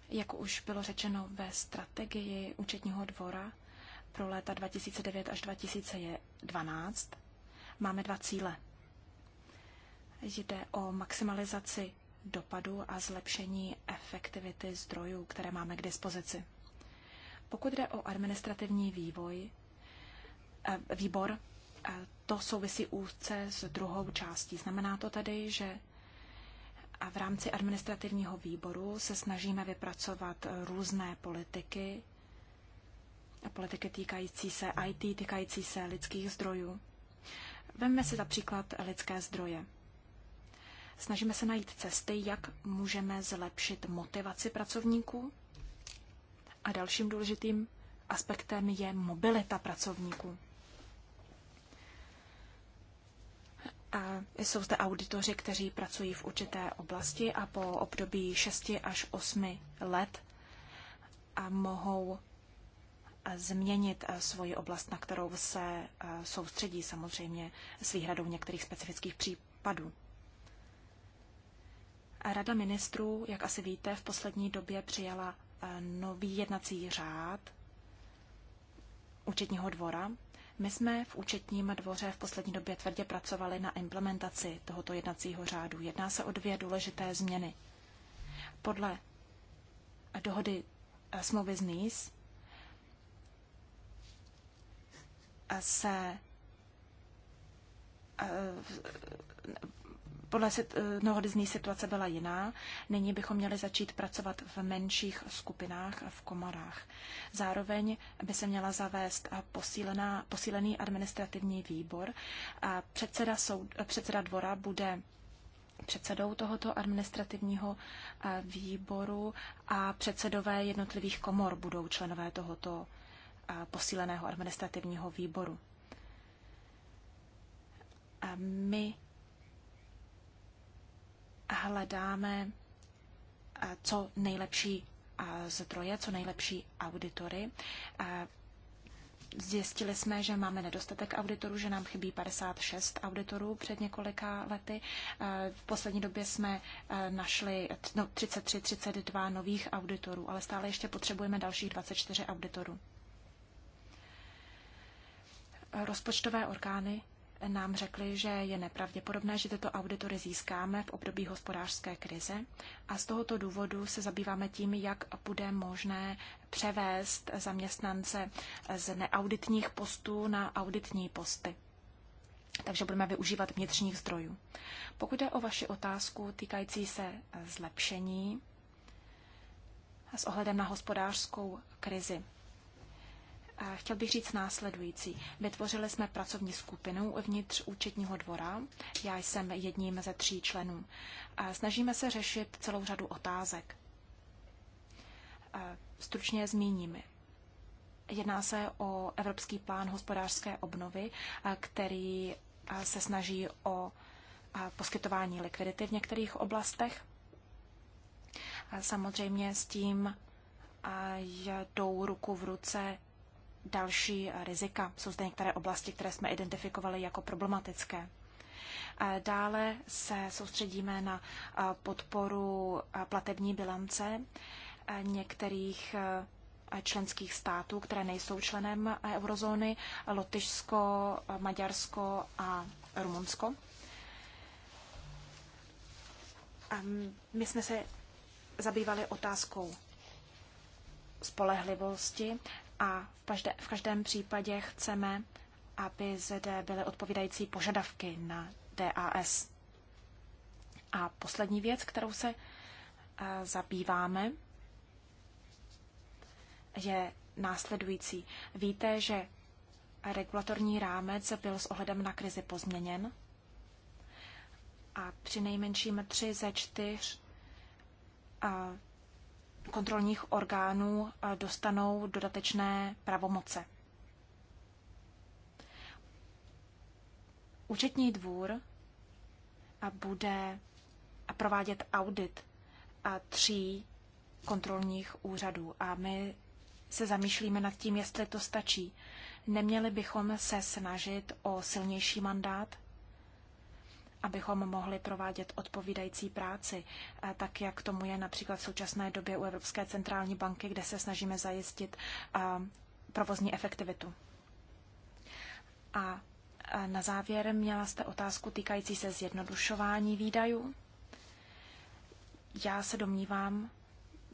Speaker 2: jak už bylo řečeno ve strategii účetního dvora pro léta 2009 až 2012, máme dva cíle. Jde o maximalizaci dopadu a zlepšení efektivity zdrojů, které máme k dispozici. Pokud jde o administrativní vývoj, eh, výbor, to souvisí úzce s druhou částí. Znamená to tedy, že a v rámci administrativního výboru se snažíme vypracovat různé politiky, politiky týkající se IT, týkající se lidských zdrojů. Vemme si například lidské zdroje. Snažíme se najít cesty, jak můžeme zlepšit motivaci pracovníků. A dalším důležitým aspektem je mobilita pracovníků. jsou zde auditoři, kteří pracují v určité oblasti a po období 6 až 8 let a mohou eh, změnit eh, svoji oblast, na kterou se eh, soustředí samozřejmě s výhradou některých specifických případů. Rada ministrů, jak asi víte, v poslední době přijala nový jednací řád účetního dvora, my jsme v účetním dvoře v poslední době tvrdě pracovali na implementaci tohoto jednacího řádu. Jedná se o dvě důležité změny. Podle dohody eh, smlouvy z NIS eh, se eh, podle eh, mnoho z ní situace byla jiná. Nyní bychom měli začít pracovat v menších skupinách a v komorách. Zároveň by se měla zavést posílená, posílený administrativní výbor. A předseda, soud, eh, předseda dvora bude předsedou tohoto administrativního eh, výboru a předsedové jednotlivých komor budou členové tohoto posíleného administrativního výboru. A my hledáme co nejlepší zdroje, co nejlepší auditory. Zjistili jsme, že máme nedostatek auditorů, že nám chybí 56 auditorů před několika lety. V poslední době jsme našli 33, 32 no, nových auditorů, ale stále ještě potřebujeme dalších 24 auditorů. Rozpočtové orgány nám řekli, že je nepravděpodobné, že tyto auditory získáme v období hospodářské krize a z tohoto důvodu se zabýváme tím, jak bude možné převést zaměstnance z neauditních postů na auditní posty. Takže budeme využívat vnitřních zdrojů. Pokud jde o vaši otázku týkající se zlepšení s ohledem na hospodářskou krizi, Chtěl bych říct následující. Vytvořili jsme pracovní skupinu vnitř účetního dvora. Já jsem jedním ze tří členů. Snažíme se řešit celou řadu otázek. Stručně zmíním. Jedná se o Evropský plán hospodářské obnovy, který se snaží o poskytování likvidity v některých oblastech. Samozřejmě s tím jdou ruku v ruce další eh, rizika. Jsou zde některé oblasti, které jsme identifikovali jako problematické. Eh, dále se soustředíme na eh, podporu platební bilance některých členských států, které nejsou členem eurozóny, Lotyšsko, Maďarsko a Rumunsko. Ehm, my jsme se zabývali otázkou spolehlivosti a v, každé, v každém případě chceme, aby zde byly odpovídající požadavky na DAS. A poslední věc, kterou se eh, zabýváme, je následující. Víte, že regulatorní rámec byl s ohledem na krizi pozměněn a při nejmenším tři ze čtyř eh, kontrolních orgánů eh, dostanou dodatečné pravomoce. Účetní dvůr bude provádět audit tří kontrolních úřadů a my se zamýšlíme nad tím, jestli to stačí. Neměli bychom se snažit o silnější mandát abychom mohli provádět odpovídající práci, eh, tak jak tomu je například v současné době u Evropské centrální banky, kde se snažíme zajistit eh, provozní efektivitu. A eh, na závěr měla jste otázku týkající se zjednodušování výdajů. Já se domnívám,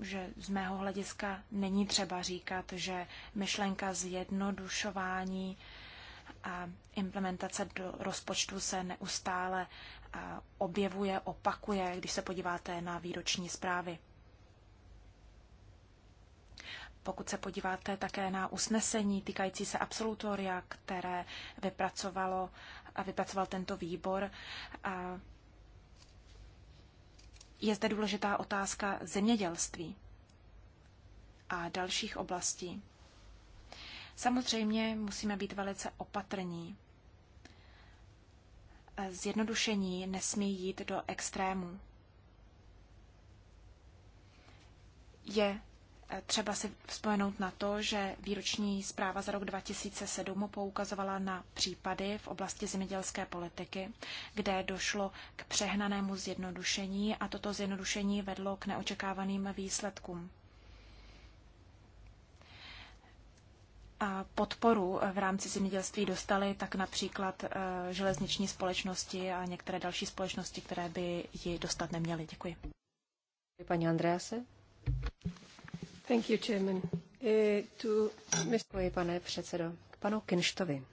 Speaker 2: že z mého hlediska není třeba říkat, že myšlenka zjednodušování implementace do rozpočtu se neustále objevuje, opakuje, když se podíváte na výroční zprávy. Pokud se podíváte také na usnesení týkající se absolutoria, které vypracovalo a vypracoval tento výbor, je zde důležitá otázka zemědělství a dalších oblastí. Samozřejmě musíme být velice opatrní. Zjednodušení nesmí jít do extrému. Je eh, třeba si vzpomenout na to, že výroční zpráva za rok 2007 poukazovala na případy v oblasti zemědělské politiky, kde došlo k přehnanému zjednodušení a toto zjednodušení vedlo k neočekávaným výsledkům. podporu v rámci zemědělství dostaly tak například eh, železniční společnosti a některé další společnosti, které by ji dostat neměly. Děkuji.
Speaker 1: Paní Andrease. Thank you, Chairman. Eh, to... Děkuji, pane předsedo. K panu Kinštovi.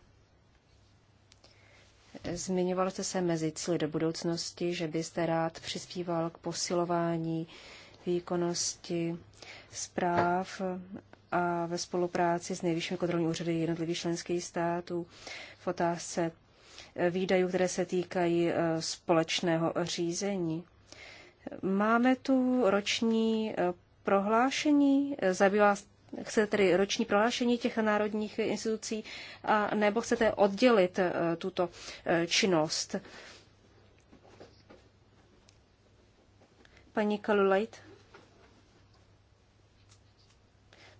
Speaker 1: Zmiňoval jste se mezi cíly do budoucnosti, že byste rád přispíval k posilování výkonnosti zpráv a ve spolupráci s nejvyššími kontrolními úřady jednotlivých členských států v otázce eh, výdajů, které se týkají eh, společného řízení. Máme tu roční eh, prohlášení, zabývá chcete tedy roční prohlášení těch národních institucí, a nebo chcete oddělit tuto činnost? Paní Kalulajt?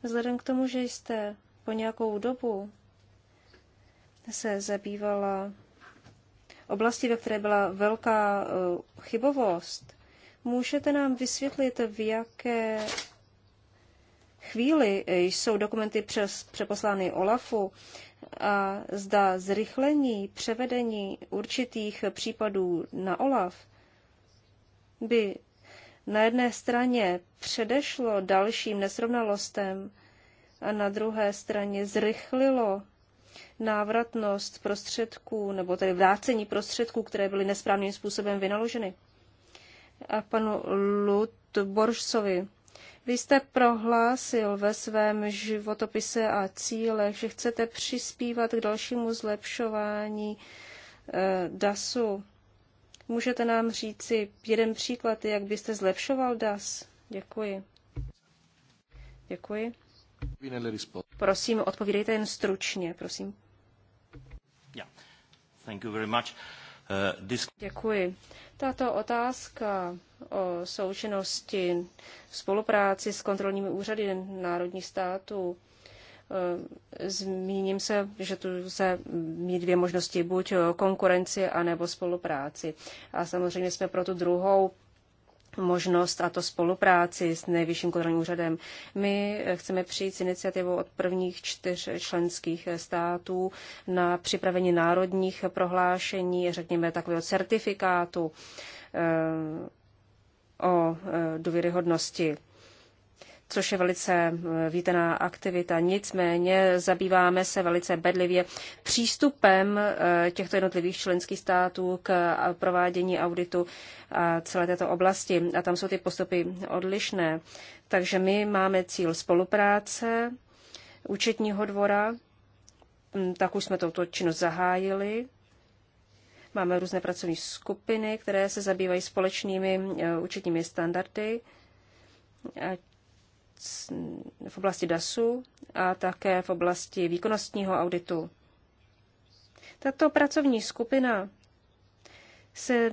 Speaker 1: Vzhledem k tomu, že jste po nějakou dobu se zabývala oblasti, ve které byla velká eh, chybovost, můžete nám vysvětlit, v jaké chvíli eh, jsou dokumenty přes, přeposlány OLAFu a zda zrychlení převedení určitých případů na OLAF by na jedné straně předešlo dalším nesrovnalostem a na druhé straně zrychlilo návratnost prostředků, nebo tedy vrácení prostředků, které byly nesprávným způsobem vynaloženy. A panu Lutborsovi, vy jste prohlásil ve svém životopise a cílech, že chcete přispívat k dalšímu zlepšování eh, DASu Můžete nám říci jeden příklad, jak byste zlepšoval DAS? Děkuji. Děkuji. Prosím, odpovídejte jen stručně, prosím. Thank you very much. Uh, this... Děkuji. Tato otázka o součinnosti spolupráci s kontrolními úřady národních států Eh, zmíním se, že tu se mít dvě možnosti, buď eh, konkurenci, anebo spolupráci. A samozřejmě jsme pro tu druhou možnost a to spolupráci s nejvyšším kontrolním úřadem. My eh, chceme přijít s iniciativou od prvních čtyř členských států na připravení národních prohlášení, řekněme takového certifikátu o důvěryhodnosti což je velice eh, vítená aktivita. Nicméně zabýváme se velice bedlivě přístupem eh, těchto jednotlivých členských států k eh, provádění auditu celé této oblasti. A tam jsou ty postupy odlišné. Takže my máme cíl spolupráce účetního dvora, mm, tak už jsme touto činnost zahájili. Máme různé pracovní skupiny, které se zabývají společnými účetními standardy, v oblasti DASu a také v oblasti výkonnostního auditu. Tato pracovní skupina se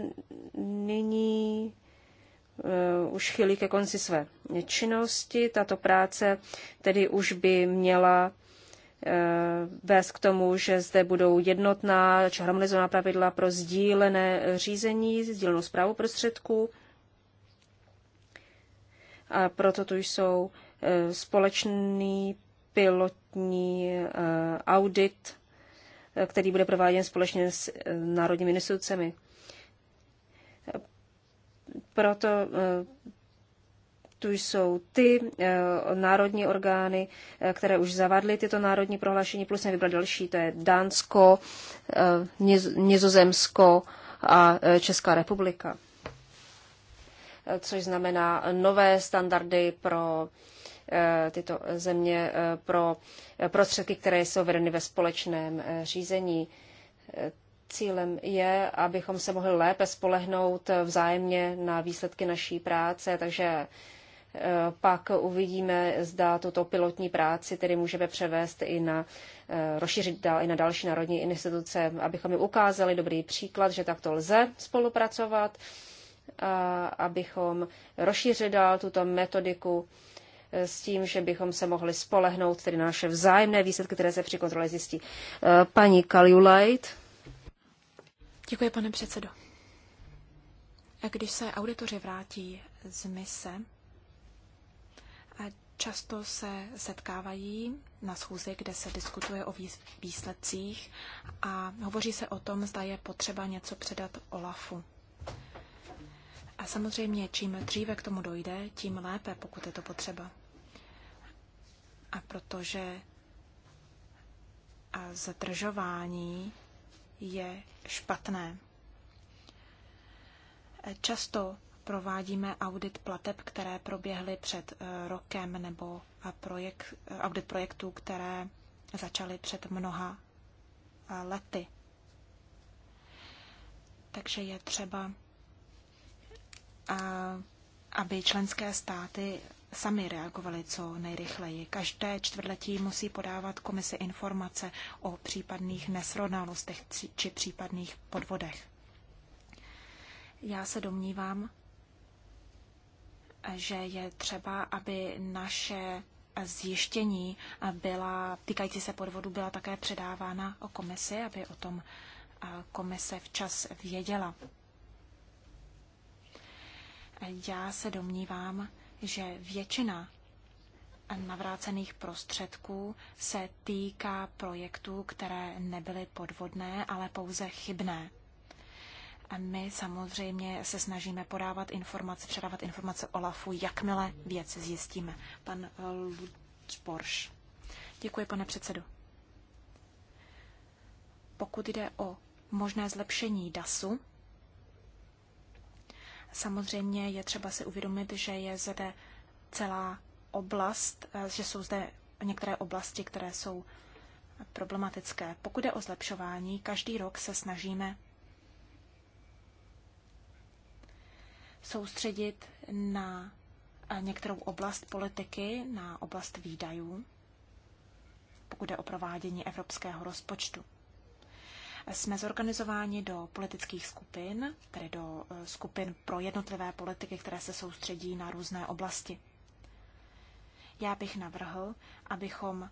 Speaker 1: nyní uh, už chylí ke konci své činnosti. Tato práce tedy už by měla eh, vést k tomu, že zde budou jednotná či harmonizovaná pravidla pro sdílené řízení, sdílenou zprávu prostředků a proto tu jsou e, společný pilotní e, audit, e, který bude prováděn společně s národními institucemi. Proto tu jsou ty národní orgány, které už zavadly tyto národní prohlášení, plus jsem vybral další, to je Dánsko, Nizozemsko a Česká republika což znamená nové standardy pro eh, tyto země eh, pro prostředky, které jsou vedeny ve společném eh, řízení. Cílem je, abychom se mohli lépe spolehnout vzájemně na výsledky naší práce, takže pak uvidíme, zda tuto pilotní práci tedy můžeme převést i na, rozšířit dál i na další národní instituce, abychom jim ukázali dobrý příklad, že takto lze spolupracovat a abychom rozšířili dál tuto metodiku eh, s tím, že bychom se mohli spolehnout tedy na naše vzájemné výsledky, které se při kontrole zjistí. Eh, paní Kaliulajt.
Speaker 2: Děkuji, pane předsedo. A když se auditoři vrátí z mise, a často se setkávají na schůzi, kde se diskutuje o výsledcích a hovoří se o tom, zda je potřeba něco předat Olafu. A samozřejmě, čím dříve k tomu dojde, tím lépe, pokud je to potřeba. A protože a zadržování je špatné. Často provádíme audit plateb, které proběhly před eh, rokem, nebo projekt, eh, audit projektů, které začaly před mnoha eh, lety. Takže je třeba aby členské státy sami reagovali co nejrychleji. Každé čtvrtletí musí podávat komise informace o případných nesrovnalostech či případných podvodech. Já se domnívám, že je třeba, aby naše zjištění byla, týkající se podvodu byla také předávána o komisi, aby o tom komise včas věděla. Já se domnívám, že většina navrácených prostředků se týká projektů, které nebyly podvodné, ale pouze chybné. A my samozřejmě se snažíme podávat informace, předávat informace OLAFu, jakmile věc zjistíme. Pan Lutzborš. Děkuji, pane předsedu. Pokud jde o možné zlepšení DASu, Samozřejmě je třeba si uvědomit, že je zde celá oblast, eh, že jsou zde některé oblasti, které jsou problematické. Pokud je o zlepšování, každý rok se snažíme soustředit na eh, některou oblast politiky, na oblast výdajů, pokud je o provádění evropského rozpočtu jsme zorganizováni do politických skupin, tedy do eh, skupin pro jednotlivé politiky, které se soustředí na různé oblasti. Já bych navrhl, abychom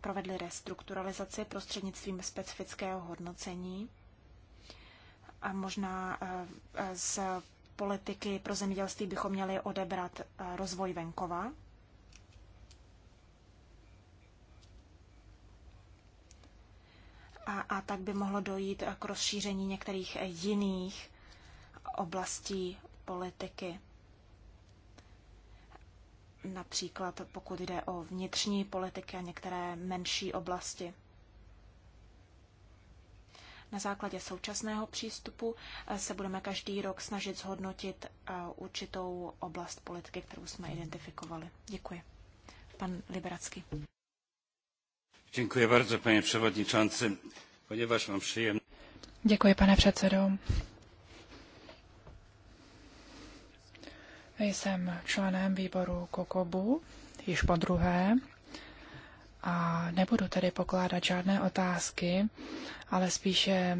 Speaker 2: provedli restrukturalizaci prostřednictvím specifického hodnocení a možná eh, eh, z politiky pro zemědělství bychom měli odebrat rozvoj venkova, a, a tak by mohlo dojít k rozšíření některých jiných oblastí politiky. Například pokud jde o vnitřní politiky a některé menší oblasti. Na základě současného přístupu se budeme každý rok snažit zhodnotit eh, určitou oblast politiky, kterou jsme identifikovali. Děkuji. Pan Liberacký.
Speaker 3: Děkuji pane předsedající. Poněvadž mám předsedo. Jsem členem výboru Kokobu již podruhé a nebudu tedy pokládat žádné otázky, ale spíše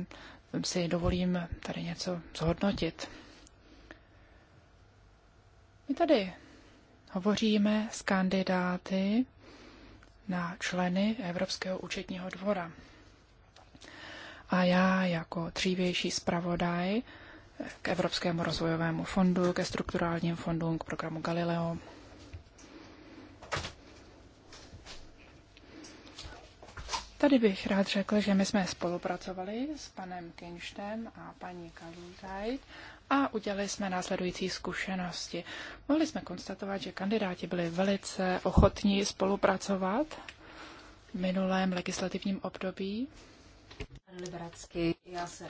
Speaker 3: si dovolím tady něco zhodnotit. My tady hovoříme s kandidáty na členy Evropského účetního dvora. A já jako dřívější zpravodaj k Evropskému rozvojovému fondu, ke strukturálním fondům, k programu Galileo. Tady bych rád řekl, že my jsme spolupracovali s panem Kinštem a paní Kaludaj a udělali jsme následující zkušenosti. Mohli jsme konstatovat, že kandidáti byli velice ochotní spolupracovat v minulém legislativním období
Speaker 1: Liberacky, já se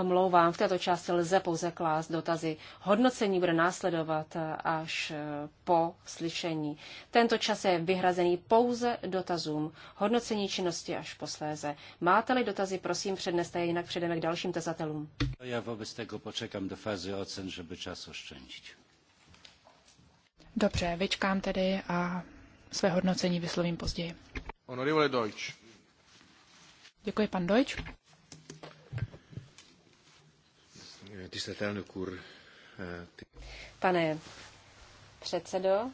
Speaker 1: omlouvám, v této části lze pouze klást dotazy. Hodnocení bude následovat eh, až eh, po slyšení. Tento čas je vyhrazený pouze dotazům. Hodnocení činnosti až posléze. Máte-li dotazy, prosím předneste je, jinak předeme k dalším tazatelům.
Speaker 3: Já vůbec tego počekám do fázy ocen, żeby čas oštěnit. Dobře, vyčkám tedy a své hodnocení vyslovím později.
Speaker 1: Honorable Deutsch.
Speaker 3: Děkuji, pan Dojč.
Speaker 1: Eh, Pane předsedo,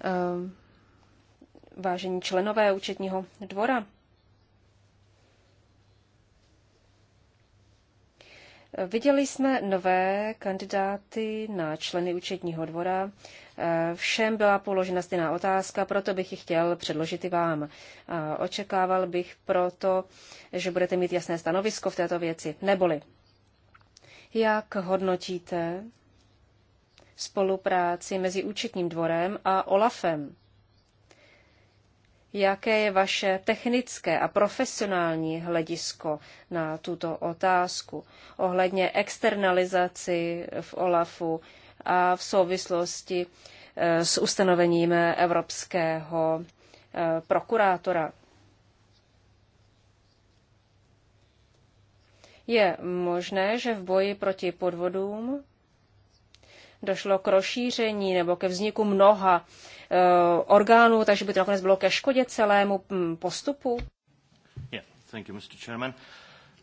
Speaker 1: ehm, vážení členové účetního dvora, Viděli jsme nové kandidáty na členy účetního dvora Všem byla položena stejná otázka, proto bych ji chtěl předložit i vám. Očekával bych proto, že budete mít jasné stanovisko v této věci. Neboli, jak hodnotíte spolupráci mezi účetním dvorem a OLAFem? Jaké je vaše technické a profesionální hledisko na tuto otázku ohledně externalizaci v OLAFu a v souvislosti eh, s ustanovením evropského eh, prokurátora. Je možné, že v boji proti podvodům došlo k rozšíření nebo ke vzniku mnoha e, orgánů, takže by to nakonec bylo ke škodě celému hm, postupu?
Speaker 2: Yeah, thank you, Mr. Chairman.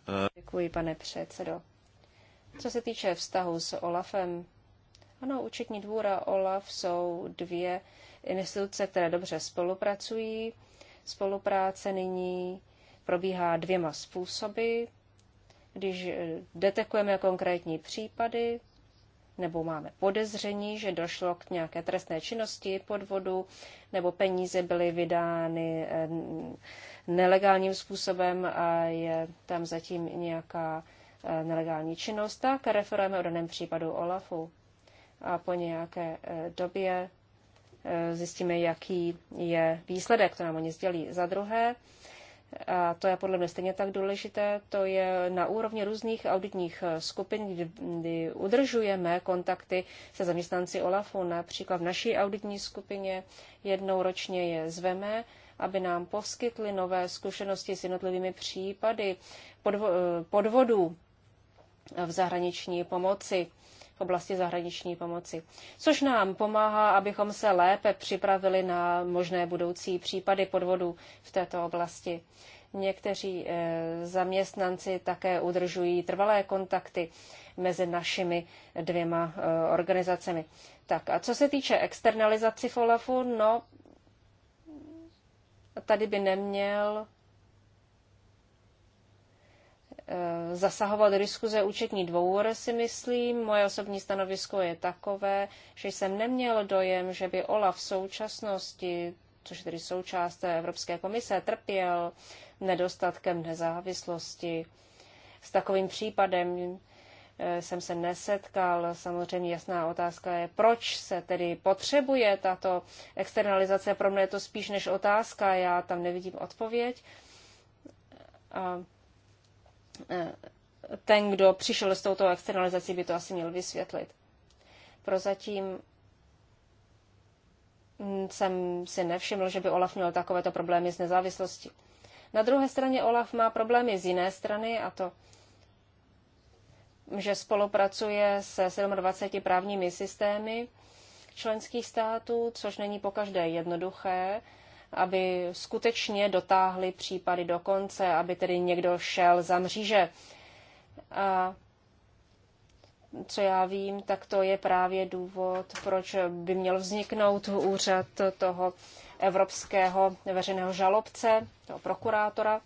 Speaker 2: Uh...
Speaker 1: Děkuji, pane předsedo. Co se týče vztahu s Olafem, ano, Účetní dvůr a OLAF jsou dvě instituce, které dobře spolupracují. Spolupráce nyní probíhá dvěma způsoby. Když eh, detekujeme konkrétní případy, nebo máme podezření, že došlo k nějaké trestné činnosti, podvodu, nebo peníze byly vydány eh, nelegálním způsobem a je tam zatím nějaká eh, nelegální činnost, tak referujeme o daném případu OLAFu a po nějaké eh, době eh, zjistíme, jaký je výsledek, to nám oni sdělí. Za druhé, a to je podle mě stejně tak důležité, to je na úrovni různých auditních eh, skupin, kdy, udržujeme kontakty se zaměstnanci OLAFu. Například v naší auditní skupině jednou ročně je zveme, aby nám poskytli nové zkušenosti s jednotlivými případy podvodů v zahraniční pomoci v oblasti zahraniční pomoci, což nám pomáhá, abychom se lépe připravili na možné budoucí případy podvodu v této oblasti. Někteří eh, zaměstnanci také udržují trvalé kontakty mezi našimi dvěma eh, organizacemi. Tak a co se týče externalizaci FOLAFu, no tady by neměl Eh, zasahovat do diskuze účetní dvůr, si myslím. Moje osobní stanovisko je takové, že jsem neměl dojem, že by OLAF v současnosti, což je tedy součást Evropské komise, trpěl nedostatkem nezávislosti. S takovým případem eh, jsem se nesetkal. Samozřejmě jasná otázka je, proč se tedy potřebuje tato externalizace. Pro mě je to spíš než otázka, já tam nevidím odpověď. A Eh, ten, kdo přišel s touto externalizací, by to asi měl vysvětlit. Prozatím mm, jsem si nevšiml, že by Olaf měl takovéto problémy s nezávislostí. Na druhé straně Olaf má problémy z jiné strany a to, že spolupracuje se 27 právními systémy členských států, což není pokaždé jednoduché, aby skutečně dotáhli případy do konce, aby tedy někdo šel za mříže. A co já vím, tak to je právě důvod, proč by měl vzniknout úřad toho evropského veřejného žalobce, toho prokurátora.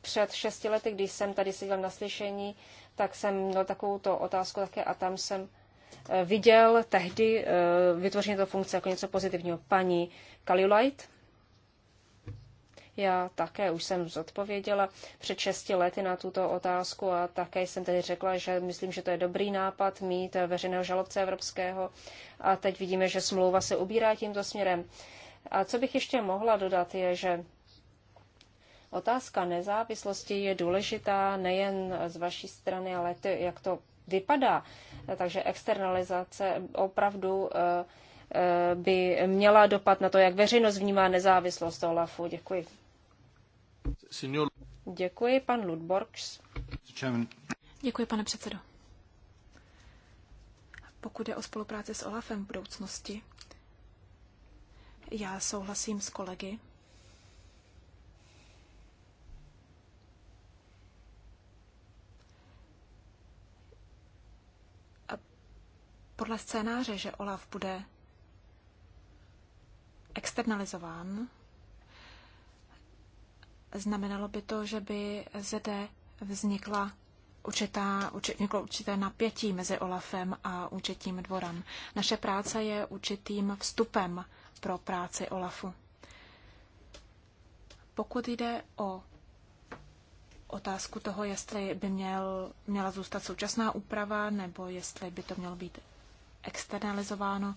Speaker 1: Před šesti lety, když jsem tady seděl na slyšení, tak jsem měl takovou otázku také a tam jsem Eh, viděl tehdy eh, vytvoření této funkce jako něco pozitivního. Paní Kalilajt, já také už jsem zodpověděla před šesti lety na tuto otázku a také jsem tedy řekla, že myslím, že to je dobrý nápad mít veřejného žalobce evropského a teď vidíme, že smlouva se ubírá tímto směrem. A co bych ještě mohla dodat je, že otázka nezávislosti je důležitá nejen z vaší strany, ale to, jak to vypadá. Takže externalizace opravdu eh, eh, by měla dopad na to, jak veřejnost vnímá nezávislost OLAFu. Děkuji. Signor... Děkuji, pan Ludborgs. Děkuji, pane předsedo.
Speaker 2: Pokud je o spolupráci s OLAFem v budoucnosti, já souhlasím s kolegy, podle scénáře, že Olaf bude externalizován, znamenalo by to, že by zde vznikla určitá, vzniklo určité napětí mezi Olafem a účetním dvorem. Naše práce je určitým vstupem pro práci Olafu. Pokud jde o otázku toho, jestli by měl, měla zůstat současná úprava, nebo jestli by to mělo být externalizováno.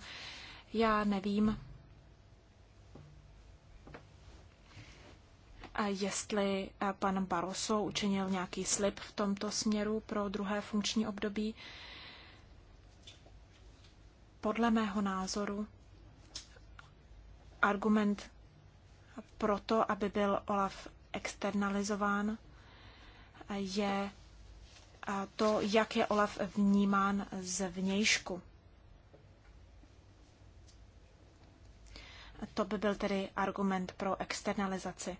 Speaker 2: Já nevím, jestli pan Barroso učinil nějaký slib v tomto směru pro druhé funkční období. Podle mého názoru argument pro to, aby byl Olaf externalizován, je to, jak je Olaf vnímán zvnějšku. To by byl tedy argument pro externalizaci.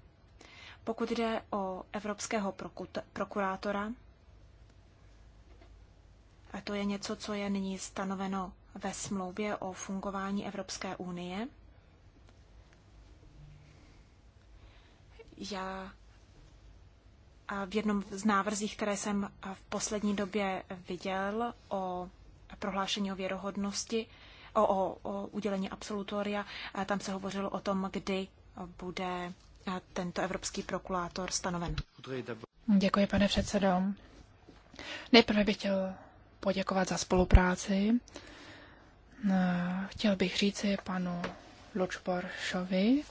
Speaker 2: Pokud jde o evropského prokurátora, a to je něco, co je nyní stanoveno ve smlouvě o fungování Evropské unie. Já a v jednom z návrzích, které jsem v poslední době viděl o prohlášení o věrohodnosti, o, o, o udělení absolutoria. Tam se hovořilo o tom, kdy bude tento evropský prokurátor
Speaker 3: stanoven. Děkuji, pane předsedo. Nejprve bych chtěl poděkovat za spolupráci. Chtěl bych říci panu Lučboršovi,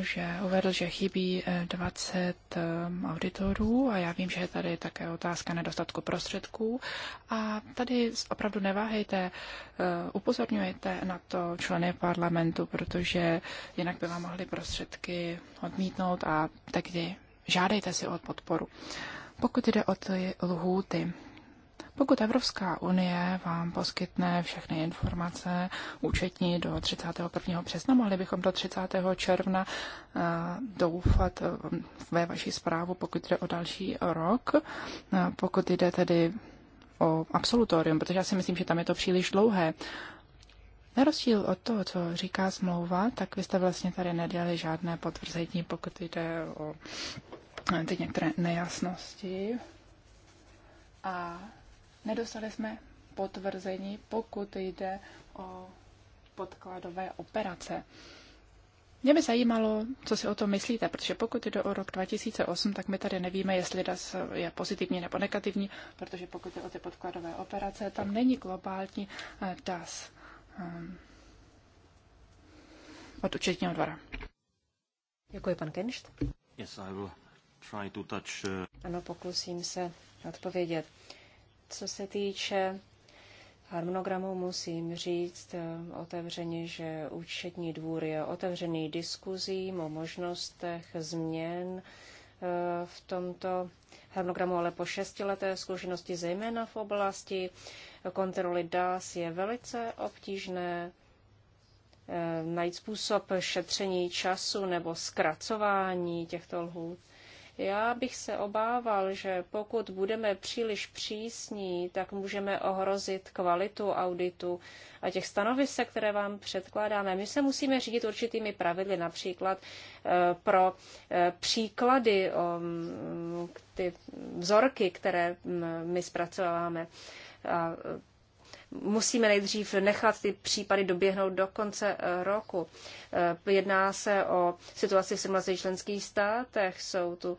Speaker 3: že uvedl, že chybí 20 eh, eh, auditorů a já vím, že je tady také otázka nedostatku prostředků a tady opravdu neváhejte, eh, upozorňujte na to členy parlamentu, protože jinak by vám mohli prostředky odmítnout a tak kdy žádejte si o podporu. Pokud jde o ty lhůty, pokud Evropská unie vám poskytne všechny informace účetní do 31. března, mohli bychom do 30. června eh, doufat eh, ve vaší zprávu, pokud jde o další rok, eh, pokud jde tedy o absolutorium, protože já si myslím, že tam je to příliš dlouhé. Na rozdíl od toho, co říká smlouva, tak vy jste vlastně tady nedělali žádné potvrzení, pokud jde o ty některé nejasnosti. A Nedostali jsme potvrzení, pokud jde o podkladové operace. Mě by zajímalo, co si o tom myslíte, protože pokud jde o rok 2008, tak my tady nevíme, jestli DAS je pozitivní nebo negativní, protože pokud jde o ty podkladové operace, tam není globální eh, DAS eh,
Speaker 1: od účetního dvora. Děkuji, pan Kenšt. Yes, I will try to touch, uh... Ano, pokusím se odpovědět. Uh, co se týče harmonogramu, musím říct eh, otevřeně, že účetní dvůr je otevřený diskuzím o možnostech změn eh, v tomto harmonogramu, ale po šestileté zkušenosti, zejména v oblasti kontroly DAS, je velice obtížné eh, najít způsob šetření času nebo zkracování těchto lhůt. Já bych se obával, že pokud budeme příliš přísní, tak můžeme ohrozit kvalitu auditu a těch stanovisek, které vám předkládáme. My se musíme řídit určitými pravidly, například eh, pro eh, příklady, um, ty vzorky, které mm, my zpracováváme. A musíme nejdřív nechat ty případy doběhnout do konce eh, roku. Eh, jedná se o situaci v 17 členských státech, jsou tu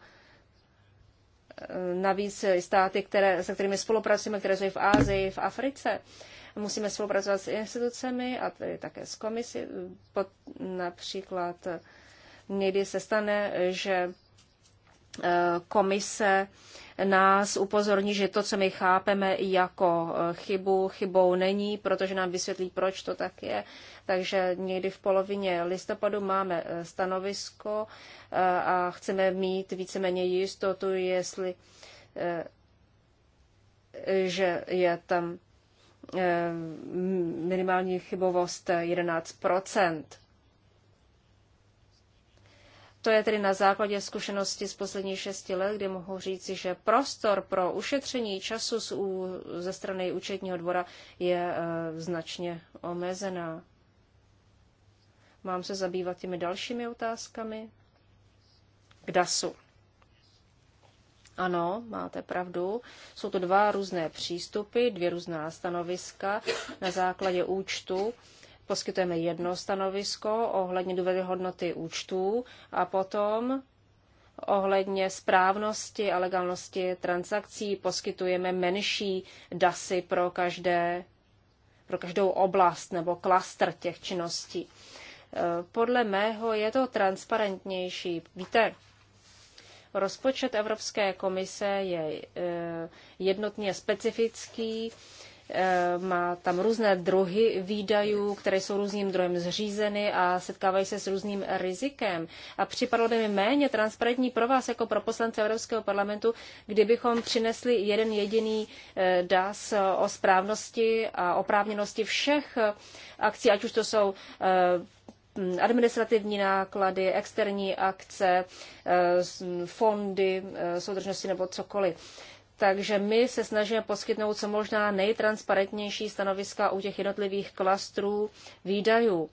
Speaker 1: eh, navíc státy, které, se kterými spolupracujeme, které jsou v Ázii, v Africe. Musíme spolupracovat s institucemi a tedy také s komisí. Pod, například někdy se stane, že Eh, komise nás upozorní, že to, co my chápeme jako eh, chybu, chybou není, protože nám vysvětlí, proč to tak je. Takže někdy v polovině listopadu máme eh, stanovisko a chceme mít víceméně jistotu, jestli že je tam minimální chybovost 11 to je tedy na základě zkušenosti z posledních šesti let, kdy mohu říci, že prostor pro ušetření času z, ze strany účetního dvora je eh, značně omezená. Mám se zabývat těmi dalšími otázkami? K DASu. Ano, máte pravdu. Jsou to dva různé přístupy, dvě různá stanoviska na základě účtu poskytujeme jedno stanovisko ohledně důvěryhodnoty účtů a potom ohledně správnosti a legálnosti transakcí poskytujeme menší dasy pro, každé, pro každou oblast nebo klastr těch činností. E, podle mého je to transparentnější. Víte, rozpočet Evropské komise je e, jednotně specifický Eh, má tam různé druhy výdajů, které jsou různým druhem zřízeny a setkávají se s různým rizikem. A připadlo by mi méně transparentní pro vás jako pro poslance Evropského parlamentu, kdybychom přinesli jeden jediný eh, DAS o správnosti a oprávněnosti všech eh, akcí, ať už to jsou administrativní náklady, externí akce, fondy soudržnosti nebo cokoliv takže my se snažíme poskytnout co možná nejtransparentnější stanoviska u těch jednotlivých klastrů výdajů.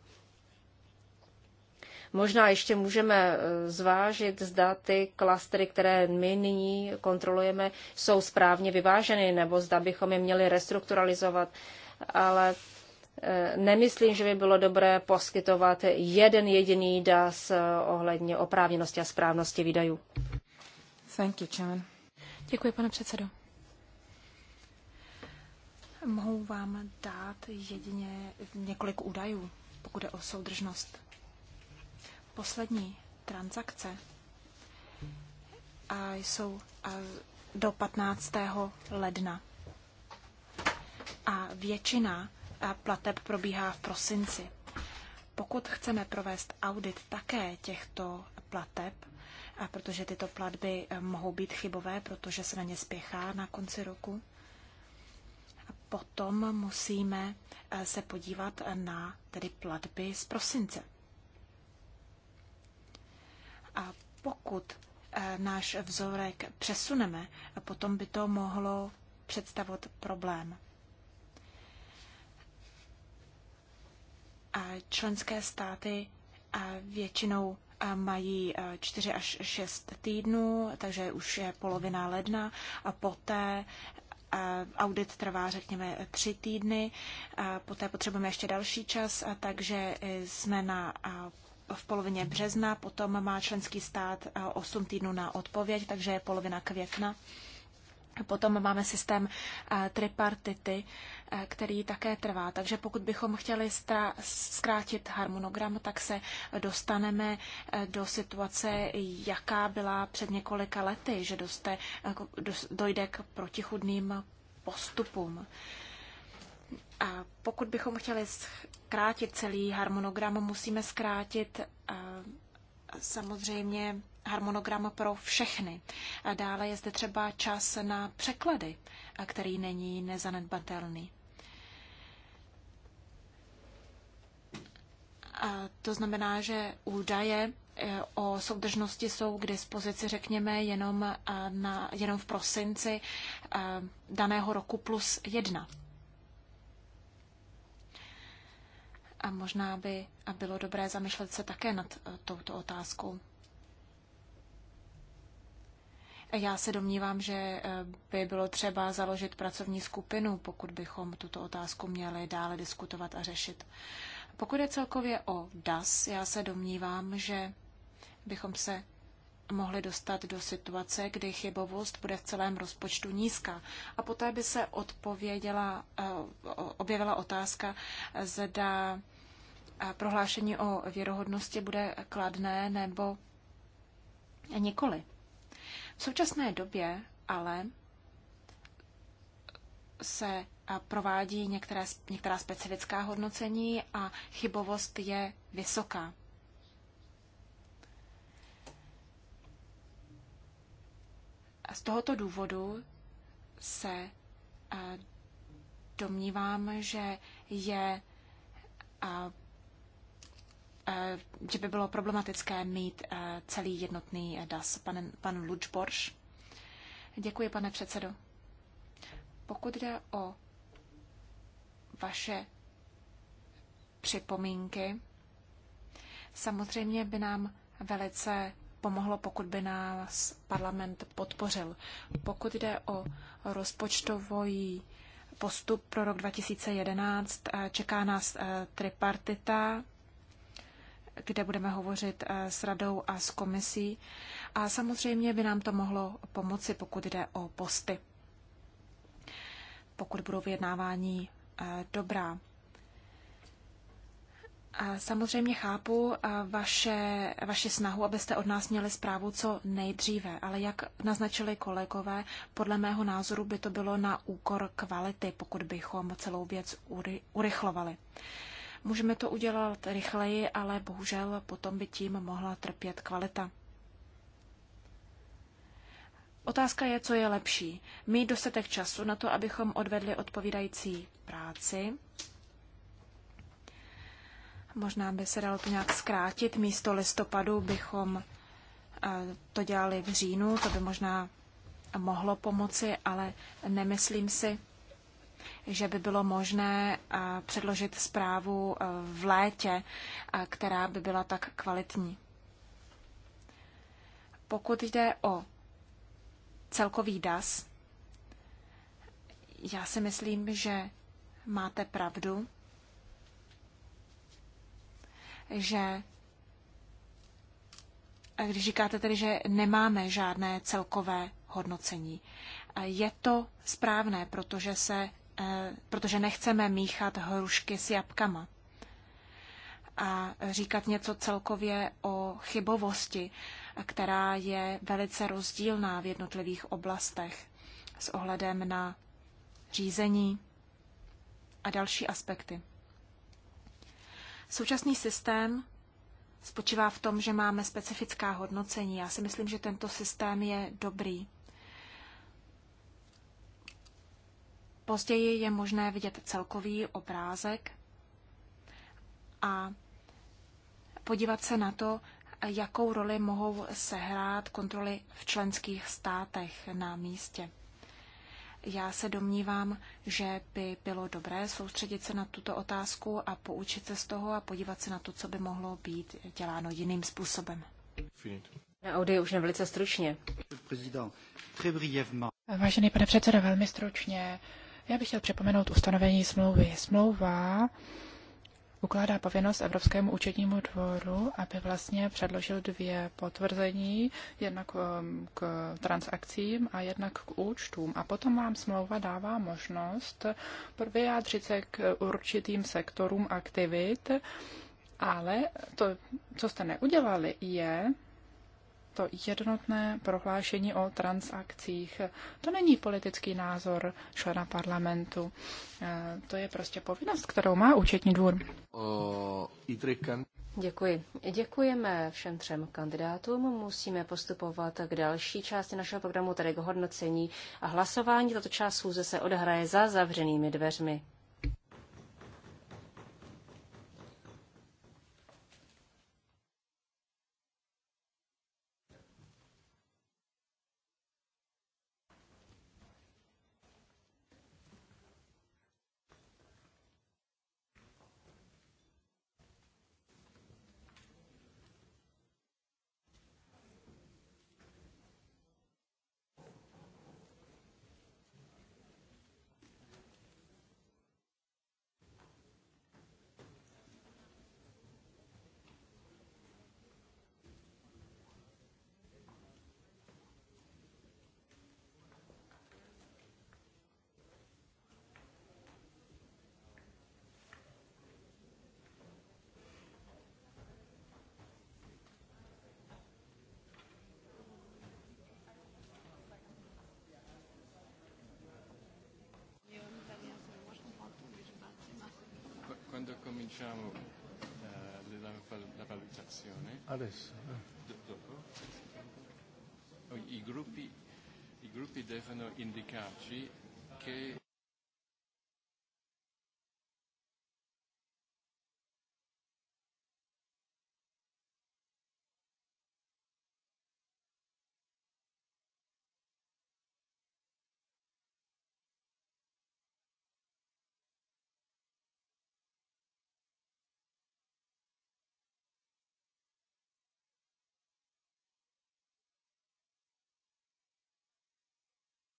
Speaker 1: Možná ještě můžeme e, zvážit, zda ty klastry, které my nyní kontrolujeme, jsou správně vyváženy, nebo zda bychom je měli restrukturalizovat. Ale e, nemyslím, že by bylo dobré poskytovat jeden jediný DAS e, ohledně oprávněnosti a správnosti výdajů.
Speaker 3: Thank you, Děkuji, pane předsedo.
Speaker 2: Mohu vám dát jedině několik údajů, pokud je o soudržnost. Poslední transakce a jsou a do 15. ledna. A většina plateb probíhá v prosinci. Pokud chceme provést audit také těchto plateb, a protože tyto platby eh, mohou být chybové, protože se na ně spěchá na konci roku. A potom musíme eh, se podívat na tedy platby z prosince. A pokud eh, náš vzorek přesuneme, potom by to mohlo představovat problém. A členské státy a většinou mají 4 e, až 6 týdnů, takže už je polovina ledna a poté e, Audit trvá, řekněme, tři týdny, poté potřebujeme ještě další čas, takže e, jsme na v polovině března, potom má členský stát 8 týdnů na odpověď, takže je polovina května. Potom máme systém eh, tripartity, eh, který také trvá. Takže pokud bychom chtěli zkrátit harmonogram, tak se dostaneme eh, do situace, jaká byla před několika lety, že doste, dojde k protichudným postupům. A pokud bychom chtěli zkrátit celý harmonogram, musíme zkrátit samozřejmě harmonogram pro všechny. A dále je zde třeba čas na překlady, a který není nezanedbatelný. A to znamená, že údaje e, o soudržnosti jsou k dispozici, řekněme, jenom, na, jenom v prosinci e, daného roku plus jedna. A možná by bylo dobré zamýšlet se také nad e, touto otázkou. Já se domnívám, že eh, by bylo třeba založit pracovní skupinu, pokud bychom tuto otázku měli dále diskutovat a řešit. Pokud je celkově o DAS, já se domnívám, že bychom se mohli dostat do situace, kdy chybovost bude v celém rozpočtu nízká. A poté by se odpověděla, eh, objevila otázka, zda eh, prohlášení o věrohodnosti bude kladné nebo nikoli. V současné době ale se provádí některé, některá specifická hodnocení a chybovost je vysoká. A z tohoto důvodu se domnívám, že je Eh, že by bylo problematické mít eh, celý jednotný eh, DAS. Pan, pan Borš. Děkuji, pane předsedo. Pokud jde o vaše připomínky, samozřejmě by nám velice pomohlo, pokud by nás parlament podpořil. Pokud jde o rozpočtový postup pro rok 2011, čeká nás tripartita kde budeme hovořit eh, s radou a s komisí. A samozřejmě by nám to mohlo pomoci, pokud jde o posty. Pokud budou vyjednávání eh, dobrá. A samozřejmě chápu eh, vaše, vaše snahu, abyste od nás měli zprávu co nejdříve, ale jak naznačili kolegové, podle mého názoru by to bylo na úkor kvality, pokud bychom celou věc urychlovali. Můžeme to udělat rychleji, ale bohužel potom by tím mohla trpět kvalita. Otázka je, co je lepší. Mít dostatek času na to, abychom odvedli odpovídající práci. Možná by se dalo to nějak zkrátit. Místo listopadu bychom eh, to dělali v říjnu, to by možná mohlo pomoci, ale nemyslím si, že by bylo možné eh, předložit zprávu eh, v létě, eh, která by byla tak kvalitní. Pokud jde o celkový DAS, já si myslím, že máte pravdu, že když říkáte tedy, že nemáme žádné celkové hodnocení. Je to správné, protože se Eh, protože nechceme míchat hrušky s jabkama a říkat něco celkově o chybovosti, která je velice rozdílná v jednotlivých oblastech s ohledem na řízení a další aspekty. Současný systém spočívá v tom, že máme specifická hodnocení. Já si myslím, že tento systém je dobrý. Později je možné vidět celkový obrázek a podívat se na to, jakou roli mohou sehrát kontroly v členských státech na místě. Já se domnívám, že by bylo dobré soustředit se na tuto otázku a poučit se z toho a podívat se na to, co by
Speaker 3: mohlo být děláno jiným způsobem.
Speaker 1: Na Audi už jen velice stručně.
Speaker 3: Vážený pane předsedo, velmi stručně. Já bych chtěl připomenout ustanovení smlouvy. Smlouva ukládá povinnost Evropskému účetnímu dvoru, aby vlastně předložil dvě potvrzení, jednak um, k transakcím a jednak k účtům. A potom vám smlouva dává možnost vyjádřit se k určitým sektorům aktivit, ale to, co jste neudělali, je, to jednotné prohlášení o transakcích. To není politický názor člena parlamentu.
Speaker 1: Eh, to je prostě povinnost, kterou má účetní dvůr. Děkuji. Děkujeme všem třem kandidátům. Musíme postupovat k další části našeho programu, tedy k hodnocení a hlasování. Tato část schůze se odhraje za zavřenými dveřmi.
Speaker 3: adesso. No, Dopo? I gruppi, I gruppi devono indicarci che